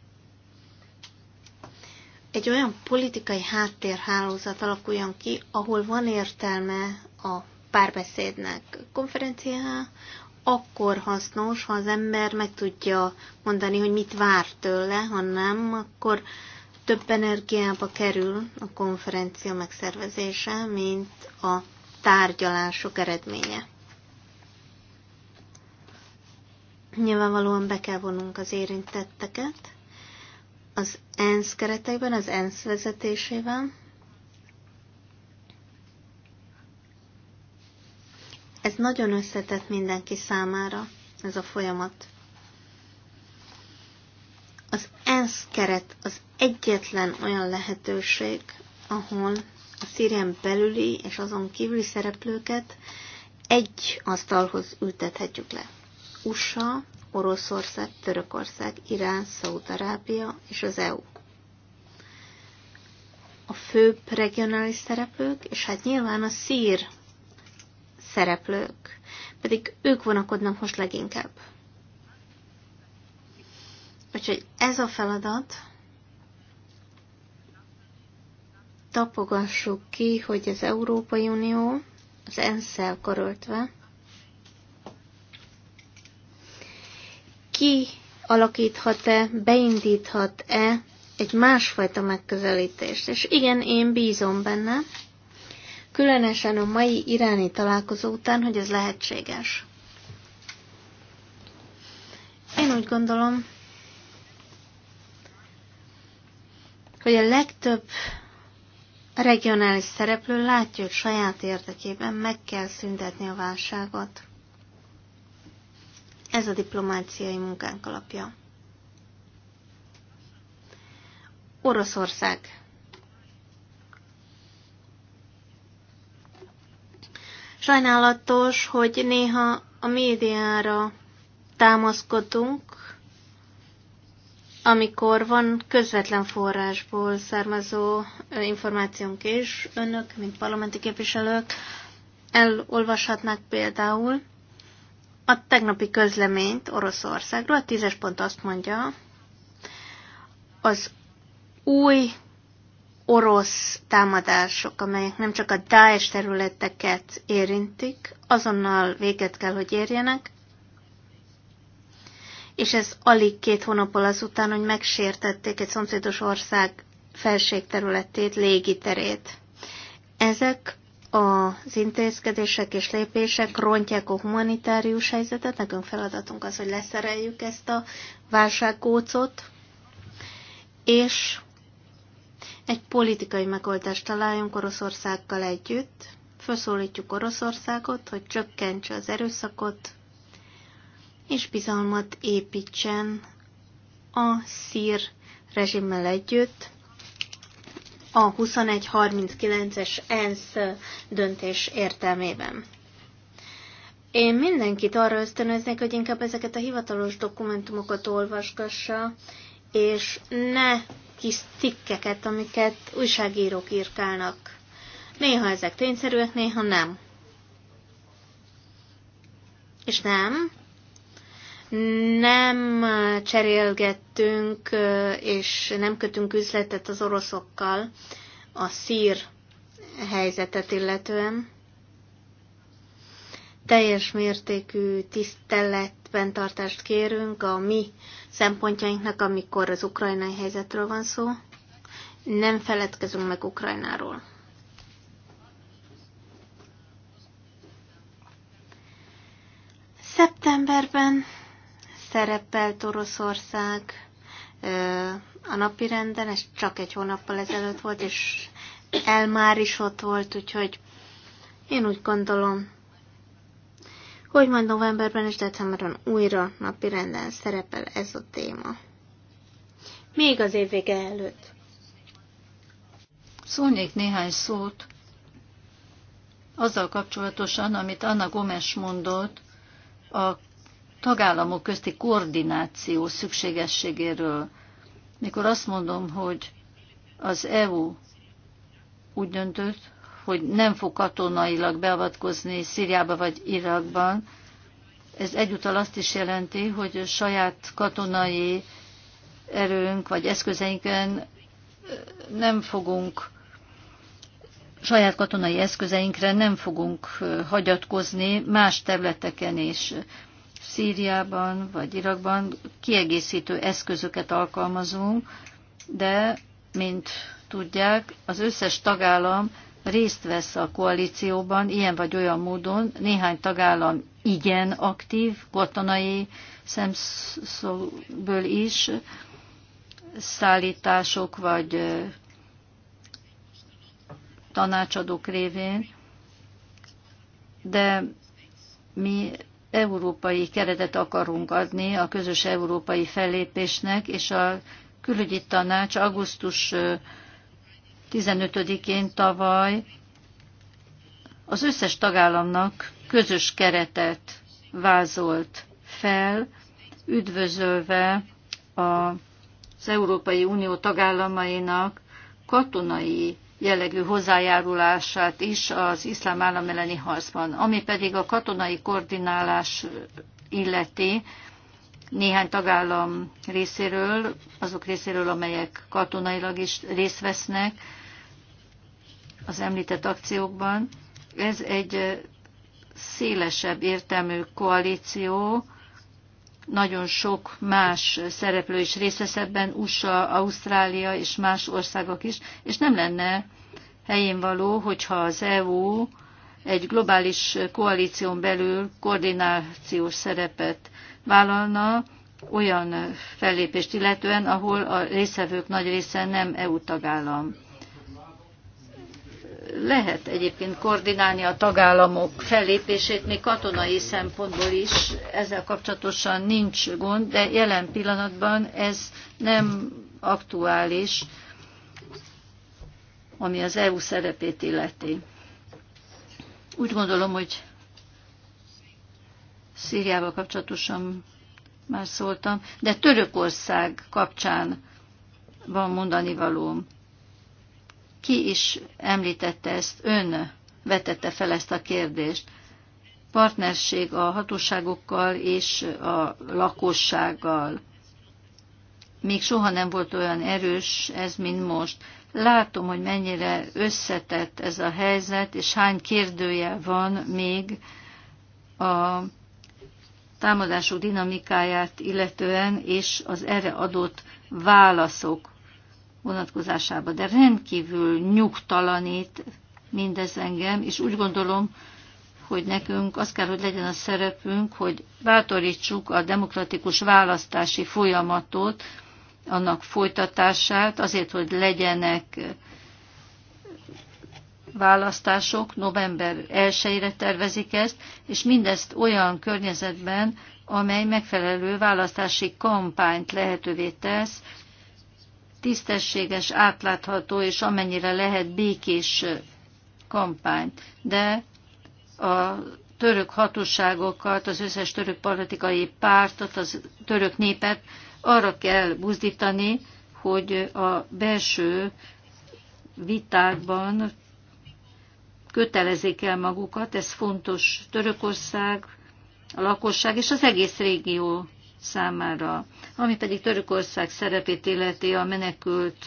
egy olyan politikai háttérhálózat alakuljon ki, ahol van értelme a párbeszédnek. Konferenciá akkor hasznos, ha az ember meg tudja mondani, hogy mit vár tőle, ha nem, akkor több energiába kerül a konferencia megszervezése, mint a tárgyalások eredménye. Nyilvánvalóan be kell vonunk az érintetteket, az ENSZ keretekben, az ENSZ vezetésében. Ez nagyon összetett mindenki számára, ez a folyamat. Az ENSZ keret az egyetlen olyan lehetőség, ahol a Szírián belüli és azon kívüli szereplőket egy asztalhoz ültethetjük le. USA, Oroszország, Törökország, Irán, Szaúd-Arábia és az EU. A főbb regionális szereplők, és hát nyilván a szír szereplők, pedig ők vonakodnak most leginkább. Úgyhogy ez a feladat, tapogassuk ki, hogy az Európai Unió az ENSZ-el karöltve ki alakíthat-e, beindíthat-e egy másfajta megközelítést. És igen, én bízom benne, különösen a mai iráni találkozó után, hogy ez lehetséges. Én úgy gondolom, hogy a legtöbb regionális szereplő látja, hogy saját érdekében meg kell szüntetni a válságot. Ez a diplomáciai munkánk alapja. Oroszország. Sajnálatos, hogy néha a médiára támaszkodunk, amikor van közvetlen forrásból származó információnk is, önök, mint parlamenti képviselők, elolvashatnák például, a tegnapi közleményt Oroszországról. A tízes pont azt mondja, az új orosz támadások, amelyek nem csak a Daesh területeket érintik, azonnal véget kell, hogy érjenek, és ez alig két hónappal azután, hogy megsértették egy szomszédos ország felségterületét, légiterét. Ezek az intézkedések és lépések rontják a humanitárius helyzetet. Nekünk feladatunk az, hogy leszereljük ezt a válságkócot, és egy politikai megoldást találjunk Oroszországgal együtt. Felszólítjuk Oroszországot, hogy csökkentse az erőszakot, és bizalmat építsen a szír rezsimmel együtt, a 2139-es ENSZ döntés értelmében. Én mindenkit arra ösztönöznék, hogy inkább ezeket a hivatalos dokumentumokat olvasgassa, és ne kis cikkeket, amiket újságírók írkálnak. Néha ezek tényszerűek, néha nem. És nem, nem cserélgettünk és nem kötünk üzletet az oroszokkal a szír helyzetet illetően. Teljes mértékű tiszteletben tartást kérünk a mi szempontjainknak, amikor az ukrajnai helyzetről van szó. Nem feledkezünk meg Ukrajnáról. Szeptemberben szerepelt Oroszország a napi renden, ez csak egy hónappal ezelőtt volt, és el már is ott volt, úgyhogy én úgy gondolom, hogy majd novemberben és decemberben újra napi renden szerepel ez a téma. Még az év vége előtt. Szólnék néhány szót azzal kapcsolatosan, amit Anna Gomes mondott a tagállamok közti koordináció szükségességéről. Mikor azt mondom, hogy az EU úgy döntött, hogy nem fog katonailag beavatkozni Szíriába vagy Irakban, ez egyúttal azt is jelenti, hogy saját katonai erőnk vagy eszközeinken nem fogunk saját katonai eszközeinkre nem fogunk hagyatkozni más területeken is. Szíriában vagy Irakban kiegészítő eszközöket alkalmazunk, de, mint tudják, az összes tagállam részt vesz a koalícióban, ilyen vagy olyan módon. Néhány tagállam igen aktív, katonai szemszögből is, szállítások vagy tanácsadók révén, de mi európai keretet akarunk adni a közös európai fellépésnek, és a külügyi tanács augusztus 15-én tavaly az összes tagállamnak közös keretet vázolt fel, üdvözölve az Európai Unió tagállamainak katonai jellegű hozzájárulását is az iszlám állam elleni harcban. Ami pedig a katonai koordinálás illeti néhány tagállam részéről, azok részéről, amelyek katonailag is részt vesznek az említett akciókban. Ez egy szélesebb értelmű koalíció, nagyon sok más szereplő is részt vesz ebben, USA, Ausztrália és más országok is, és nem lenne helyén való, hogyha az EU egy globális koalíción belül koordinációs szerepet vállalna, olyan fellépést illetően, ahol a részevők nagy része nem EU tagállam lehet egyébként koordinálni a tagállamok fellépését, még katonai szempontból is ezzel kapcsolatosan nincs gond, de jelen pillanatban ez nem aktuális, ami az EU szerepét illeti. Úgy gondolom, hogy Szíriával kapcsolatosan már szóltam, de Törökország kapcsán van mondani valóm. Ki is említette ezt, ön vetette fel ezt a kérdést. Partnerség a hatóságokkal és a lakossággal. Még soha nem volt olyan erős ez, mint most. Látom, hogy mennyire összetett ez a helyzet, és hány kérdője van még a támadások dinamikáját illetően, és az erre adott válaszok vonatkozásába, de rendkívül nyugtalanít mindez engem, és úgy gondolom, hogy nekünk az kell, hogy legyen a szerepünk, hogy bátorítsuk a demokratikus választási folyamatot, annak folytatását, azért, hogy legyenek választások, november 1-re tervezik ezt, és mindezt olyan környezetben, amely megfelelő választási kampányt lehetővé tesz, tisztességes, átlátható és amennyire lehet békés kampányt. De a török hatóságokat, az összes török politikai pártot, az török népet arra kell buzdítani, hogy a belső vitákban kötelezik el magukat, ez fontos Törökország, a lakosság és az egész régió számára. Ami pedig Törökország szerepét illeti a menekült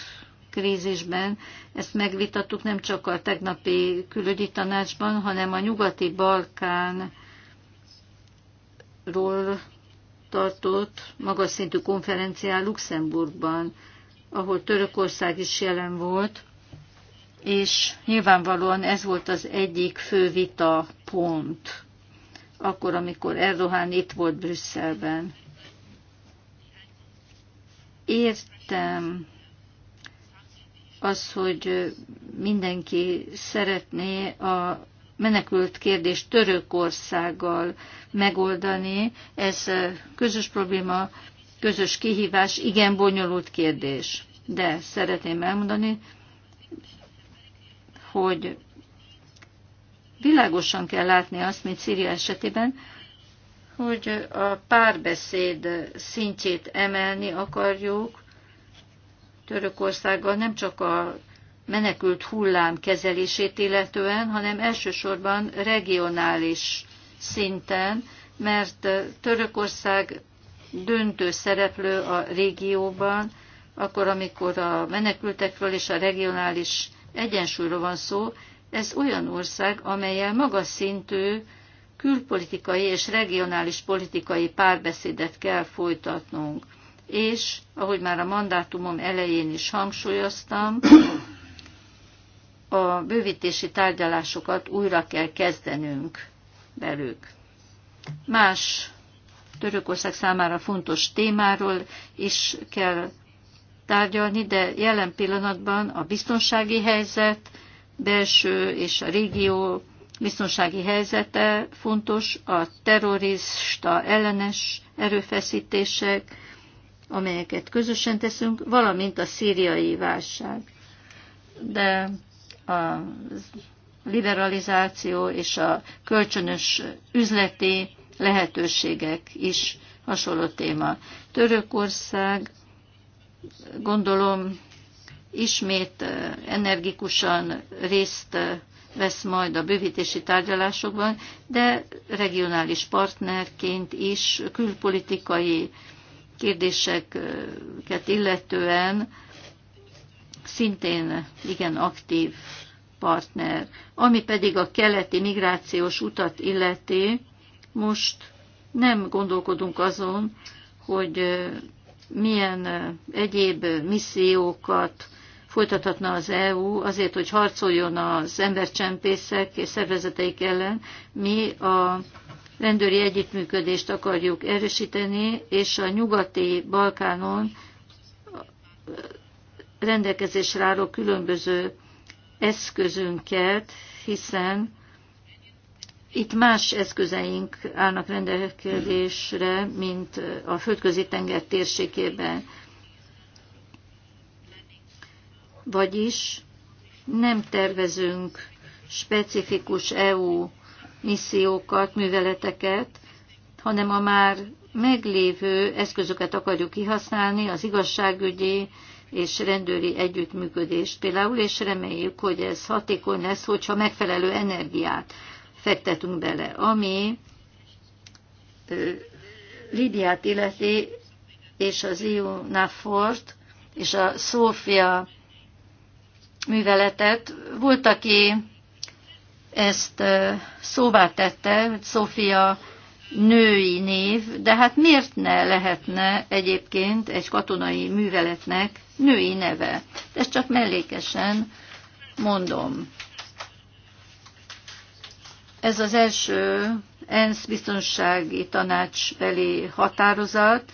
krízisben, ezt megvitattuk nem csak a tegnapi külügyi tanácsban, hanem a nyugati Balkánról tartott magas szintű konferencián Luxemburgban, ahol Törökország is jelen volt, és nyilvánvalóan ez volt az egyik fő vita pont, akkor, amikor Erdogan itt volt Brüsszelben értem az, hogy mindenki szeretné a menekült kérdést Törökországgal megoldani. Ez közös probléma, közös kihívás, igen bonyolult kérdés. De szeretném elmondani, hogy világosan kell látni azt, mint Szíria esetében, hogy a párbeszéd szintjét emelni akarjuk Törökországgal nem csak a menekült hullám kezelését illetően, hanem elsősorban regionális szinten, mert Törökország döntő szereplő a régióban, akkor, amikor a menekültekről és a regionális egyensúlyról van szó, ez olyan ország, amelyel magas szintű külpolitikai és regionális politikai párbeszédet kell folytatnunk. És, ahogy már a mandátumom elején is hangsúlyoztam, a bővítési tárgyalásokat újra kell kezdenünk velük. Más Törökország számára fontos témáról is kell tárgyalni, de jelen pillanatban a biztonsági helyzet, belső és a régió biztonsági helyzete fontos, a terrorista ellenes erőfeszítések, amelyeket közösen teszünk, valamint a szíriai válság. De a liberalizáció és a kölcsönös üzleti lehetőségek is hasonló téma. Törökország gondolom ismét eh, energikusan részt eh, vesz majd a bővítési tárgyalásokban, de regionális partnerként is külpolitikai kérdéseket illetően szintén igen aktív partner. Ami pedig a keleti migrációs utat illeti, most nem gondolkodunk azon, hogy milyen egyéb missziókat folytathatna az EU azért, hogy harcoljon az embercsempészek és szervezeteik ellen. Mi a rendőri együttműködést akarjuk erősíteni, és a nyugati Balkánon rendelkezésre álló különböző eszközünket, hiszen itt más eszközeink állnak rendelkezésre, mint a földközi tenger térségében vagyis nem tervezünk specifikus EU missziókat, műveleteket, hanem a már meglévő eszközöket akarjuk kihasználni, az igazságügyi és rendőri együttműködést például, és reméljük, hogy ez hatékony lesz, hogyha megfelelő energiát fektetünk bele, ami Lidiát illeti, és az EU-NAFORT, és a Szófia műveletet. Volt, aki ezt szóvá tette, hogy Szófia női név, de hát miért ne lehetne egyébként egy katonai műveletnek női neve? Ezt csak mellékesen mondom. Ez az első ENSZ biztonsági tanácsbeli határozat,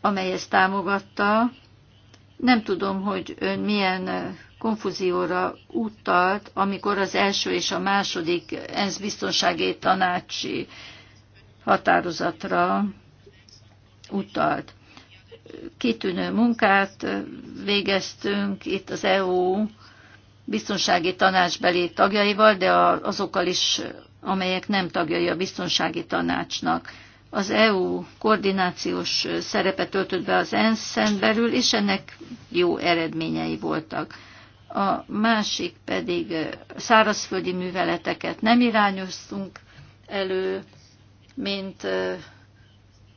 amely ezt támogatta, nem tudom, hogy ön milyen konfúzióra utalt, amikor az első és a második ENSZ biztonsági tanácsi határozatra utalt. Kitűnő munkát végeztünk itt az EU biztonsági tanácsbeli tagjaival, de azokkal is, amelyek nem tagjai a biztonsági tanácsnak az EU koordinációs szerepet töltött be az ENSZ-en belül, és ennek jó eredményei voltak. A másik pedig szárazföldi műveleteket nem irányoztunk elő, mint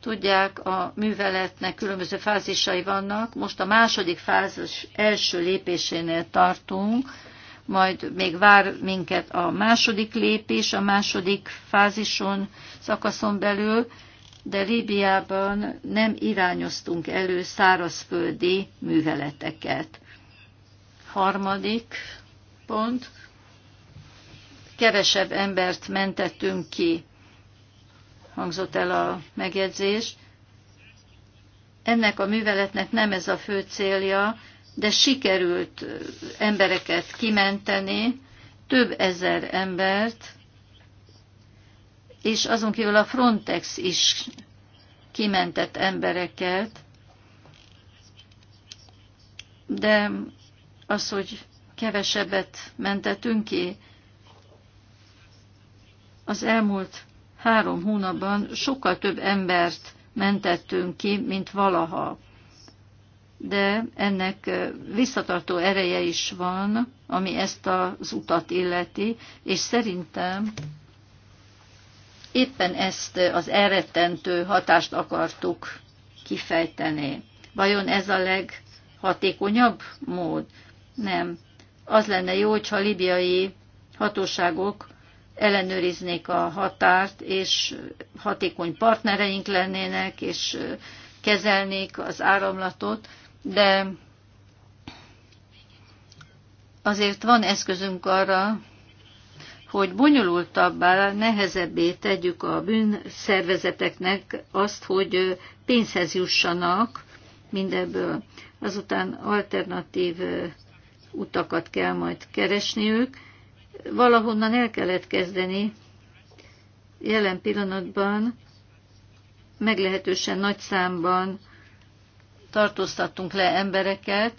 tudják, a műveletnek különböző fázisai vannak. Most a második fázis első lépésénél tartunk, majd még vár minket a második lépés, a második fázison, szakaszon belül, de Líbiában nem irányoztunk elő szárazföldi műveleteket. Harmadik pont, kevesebb embert mentettünk ki, hangzott el a megjegyzés. Ennek a műveletnek nem ez a fő célja, de sikerült embereket kimenteni, több ezer embert, és azon kívül a Frontex is kimentett embereket, de az, hogy kevesebbet mentettünk ki, az elmúlt három hónapban sokkal több embert mentettünk ki, mint valaha de ennek visszatartó ereje is van, ami ezt az utat illeti, és szerintem éppen ezt az elrettentő hatást akartuk kifejteni. Vajon ez a leghatékonyabb mód? Nem. Az lenne jó, hogyha a libiai hatóságok ellenőriznék a határt, és hatékony partnereink lennének, és kezelnék az áramlatot, de azért van eszközünk arra, hogy bonyolultabbá, nehezebbé tegyük a bűnszervezeteknek azt, hogy pénzhez jussanak mindebből. Azután alternatív utakat kell majd keresniük. Valahonnan el kellett kezdeni. Jelen pillanatban meglehetősen nagy számban tartóztattunk le embereket,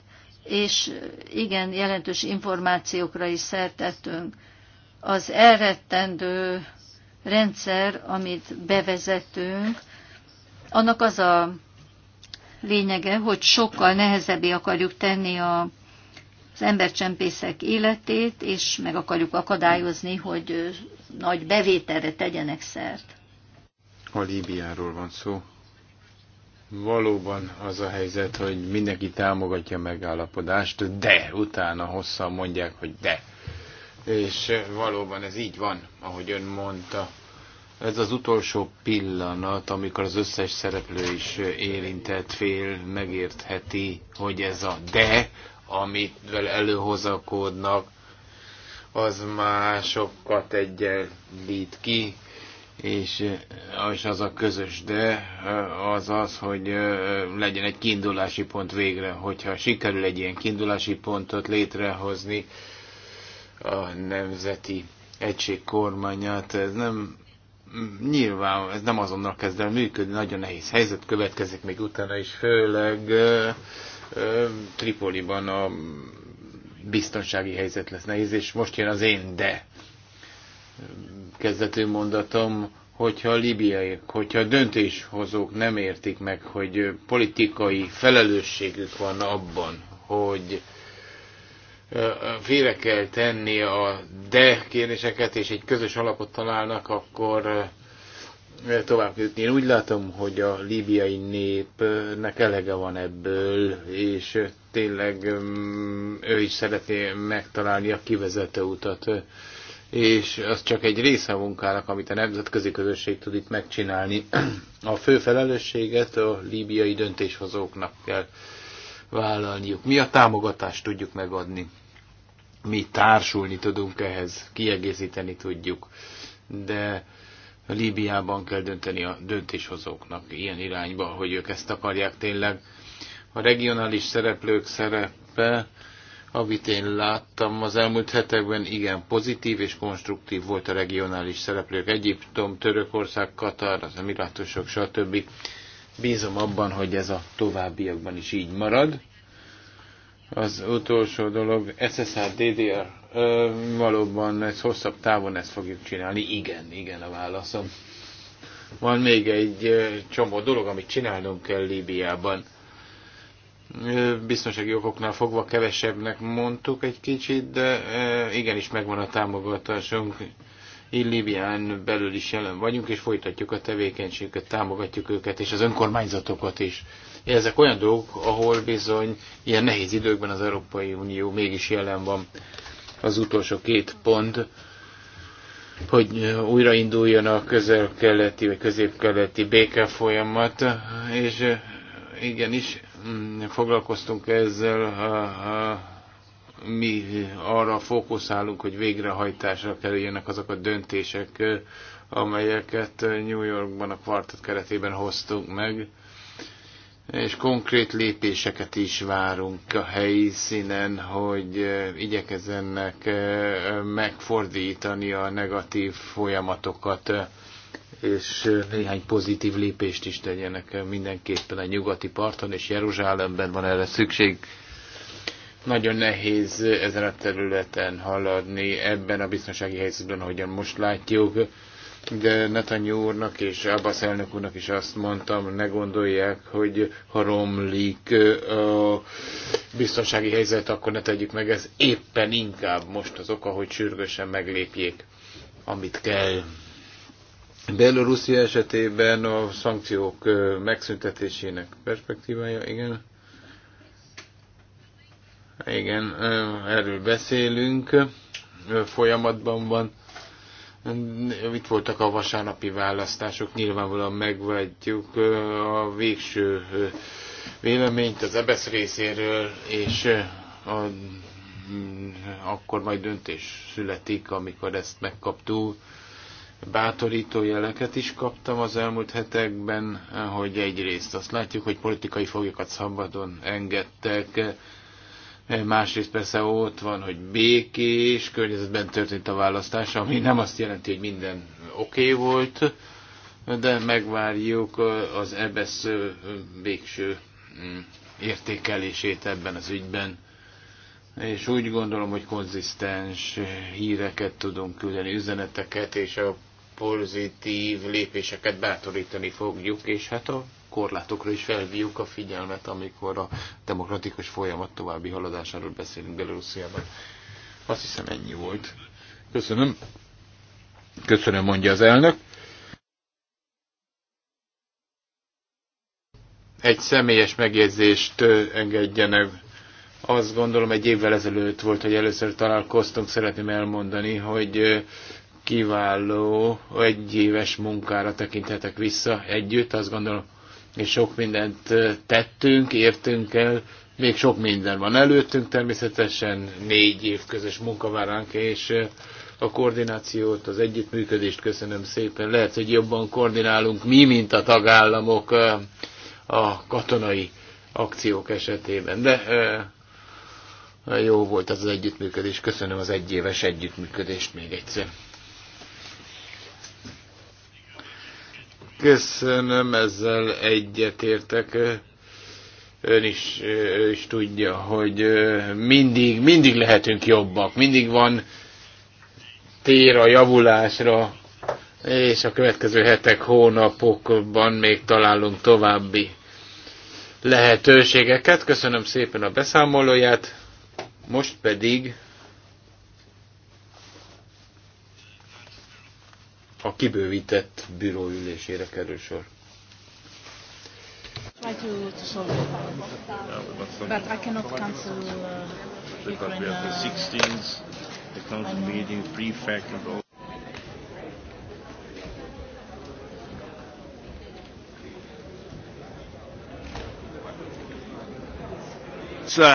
és igen, jelentős információkra is szertettünk. Az elrettendő rendszer, amit bevezetünk, annak az a lényege, hogy sokkal nehezebbé akarjuk tenni a, az embercsempészek életét, és meg akarjuk akadályozni, hogy nagy bevételre tegyenek szert. A Líbiáról van szó. Valóban az a helyzet, hogy mindenki támogatja a megállapodást, de utána hosszan mondják, hogy de. És valóban ez így van, ahogy ön mondta. Ez az utolsó pillanat, amikor az összes szereplő is érintett fél megértheti, hogy ez a de, amit előhozakodnak, az másokat egyenlít ki, és, az eh, az a közös, de eh, az az, hogy eh, legyen egy kiindulási pont végre. Hogyha sikerül egy ilyen kiindulási pontot létrehozni a nemzeti egység kormányát, ez nem nyilván ez nem azonnal kezd el működni, nagyon nehéz helyzet következik még utána is, főleg Tripoliban a biztonsági helyzet lesz nehéz, és most jön az én de kezdető mondatom, hogyha a libiaiak, hogyha a döntéshozók nem értik meg, hogy politikai felelősségük van abban, hogy félre kell tenni a de kérdéseket, és egy közös alapot találnak, akkor tovább jutni. Én úgy látom, hogy a libiai népnek elege van ebből, és tényleg mm, ő is szeretné megtalálni a kivezető utat és az csak egy része a munkának, amit a nemzetközi közösség tud itt megcsinálni. <clears throat> A fő felelősséget a líbiai döntéshozóknak kell vállalniuk. Mi a támogatást tudjuk megadni. Mi társulni tudunk ehhez, kiegészíteni tudjuk, de Líbiában kell dönteni a döntéshozóknak ilyen irányba, hogy ők ezt akarják tényleg. A regionális szereplők szerepe amit én láttam az elmúlt hetekben, igen pozitív és konstruktív volt a regionális szereplők. Egyiptom, Törökország, Katar, az Emirátusok, stb. Bízom abban, hogy ez a továbbiakban is így marad. Az utolsó dolog, SSR, DDR, ö, valóban ez hosszabb távon ezt fogjuk csinálni. Igen, igen a válaszom. Van még egy csomó dolog, amit csinálnunk kell Líbiában biztonsági okoknál fogva kevesebbnek mondtuk egy kicsit, de e, igenis megvan a támogatásunk. Így belül is jelen vagyunk, és folytatjuk a tevékenységüket, támogatjuk őket, és az önkormányzatokat is. Ezek olyan dolgok, ahol bizony ilyen nehéz időkben az Európai Unió mégis jelen van. Az utolsó két pont, hogy újrainduljon a közel-keleti vagy közép-keleti békefolyamat, és igenis Mm, foglalkoztunk ezzel, mi arra fókuszálunk, hogy végrehajtásra kerüljenek azok a döntések, amelyeket New Yorkban a kvartet keretében hoztunk meg, és konkrét lépéseket is várunk a helyszínen, hogy igyekezzenek megfordítani a negatív folyamatokat és néhány pozitív lépést is tegyenek mindenképpen a nyugati parton, és Jeruzsálemben van erre szükség. Nagyon nehéz ezen a területen haladni, ebben a biztonsági helyzetben, ahogyan most látjuk, de Netanyahu úrnak és Abbas elnök úrnak is azt mondtam, ne gondolják, hogy ha romlik a biztonsági helyzet, akkor ne tegyük meg, ez éppen inkább most az oka, hogy sürgősen meglépjék, amit kell. Belorusszia esetében a szankciók megszüntetésének perspektívája, igen. Igen, erről beszélünk, folyamatban van. Itt voltak a vasárnapi választások, nyilvánvalóan megvetjük a végső véleményt az EBSZ e részéről, és a, akkor majd döntés születik, amikor ezt megkaptuk bátorító jeleket is kaptam az elmúlt hetekben, hogy egyrészt azt látjuk, hogy politikai foglyokat szabadon engedtek, másrészt persze ott van, hogy békés környezetben történt a választás, ami nem azt jelenti, hogy minden oké okay volt, de megvárjuk az EBSZ végső mm, értékelését ebben az ügyben. És úgy gondolom, hogy konzisztens híreket tudunk küldeni, üzeneteket, és a pozitív lépéseket bátorítani fogjuk, és hát a korlátokra is felvívjuk a figyelmet, amikor a demokratikus folyamat további haladásáról beszélünk Belorussziában. Azt hiszem ennyi volt. Köszönöm. Köszönöm, mondja az elnök. Egy személyes megjegyzést engedjenek. Azt gondolom, egy évvel ezelőtt volt, hogy először találkoztunk, szeretném elmondani, hogy kiváló egyéves munkára tekinthetek vissza együtt, azt gondolom, és sok mindent tettünk, értünk el, még sok minden van előttünk, természetesen négy év közös munka vár ránk, és a koordinációt, az együttműködést köszönöm szépen. Lehet, hogy jobban koordinálunk mi, mint a tagállamok a katonai akciók esetében, de jó volt az, az együttműködés. Köszönöm az egyéves együttműködést még egyszer. Köszönöm, ezzel egyetértek. Ön is, ő is tudja, hogy mindig, mindig lehetünk jobbak, mindig van tér a javulásra, és a következő hetek, hónapokban még találunk további lehetőségeket. Köszönöm szépen a beszámolóját, most pedig a kibővített bíró ülésére kerül sor.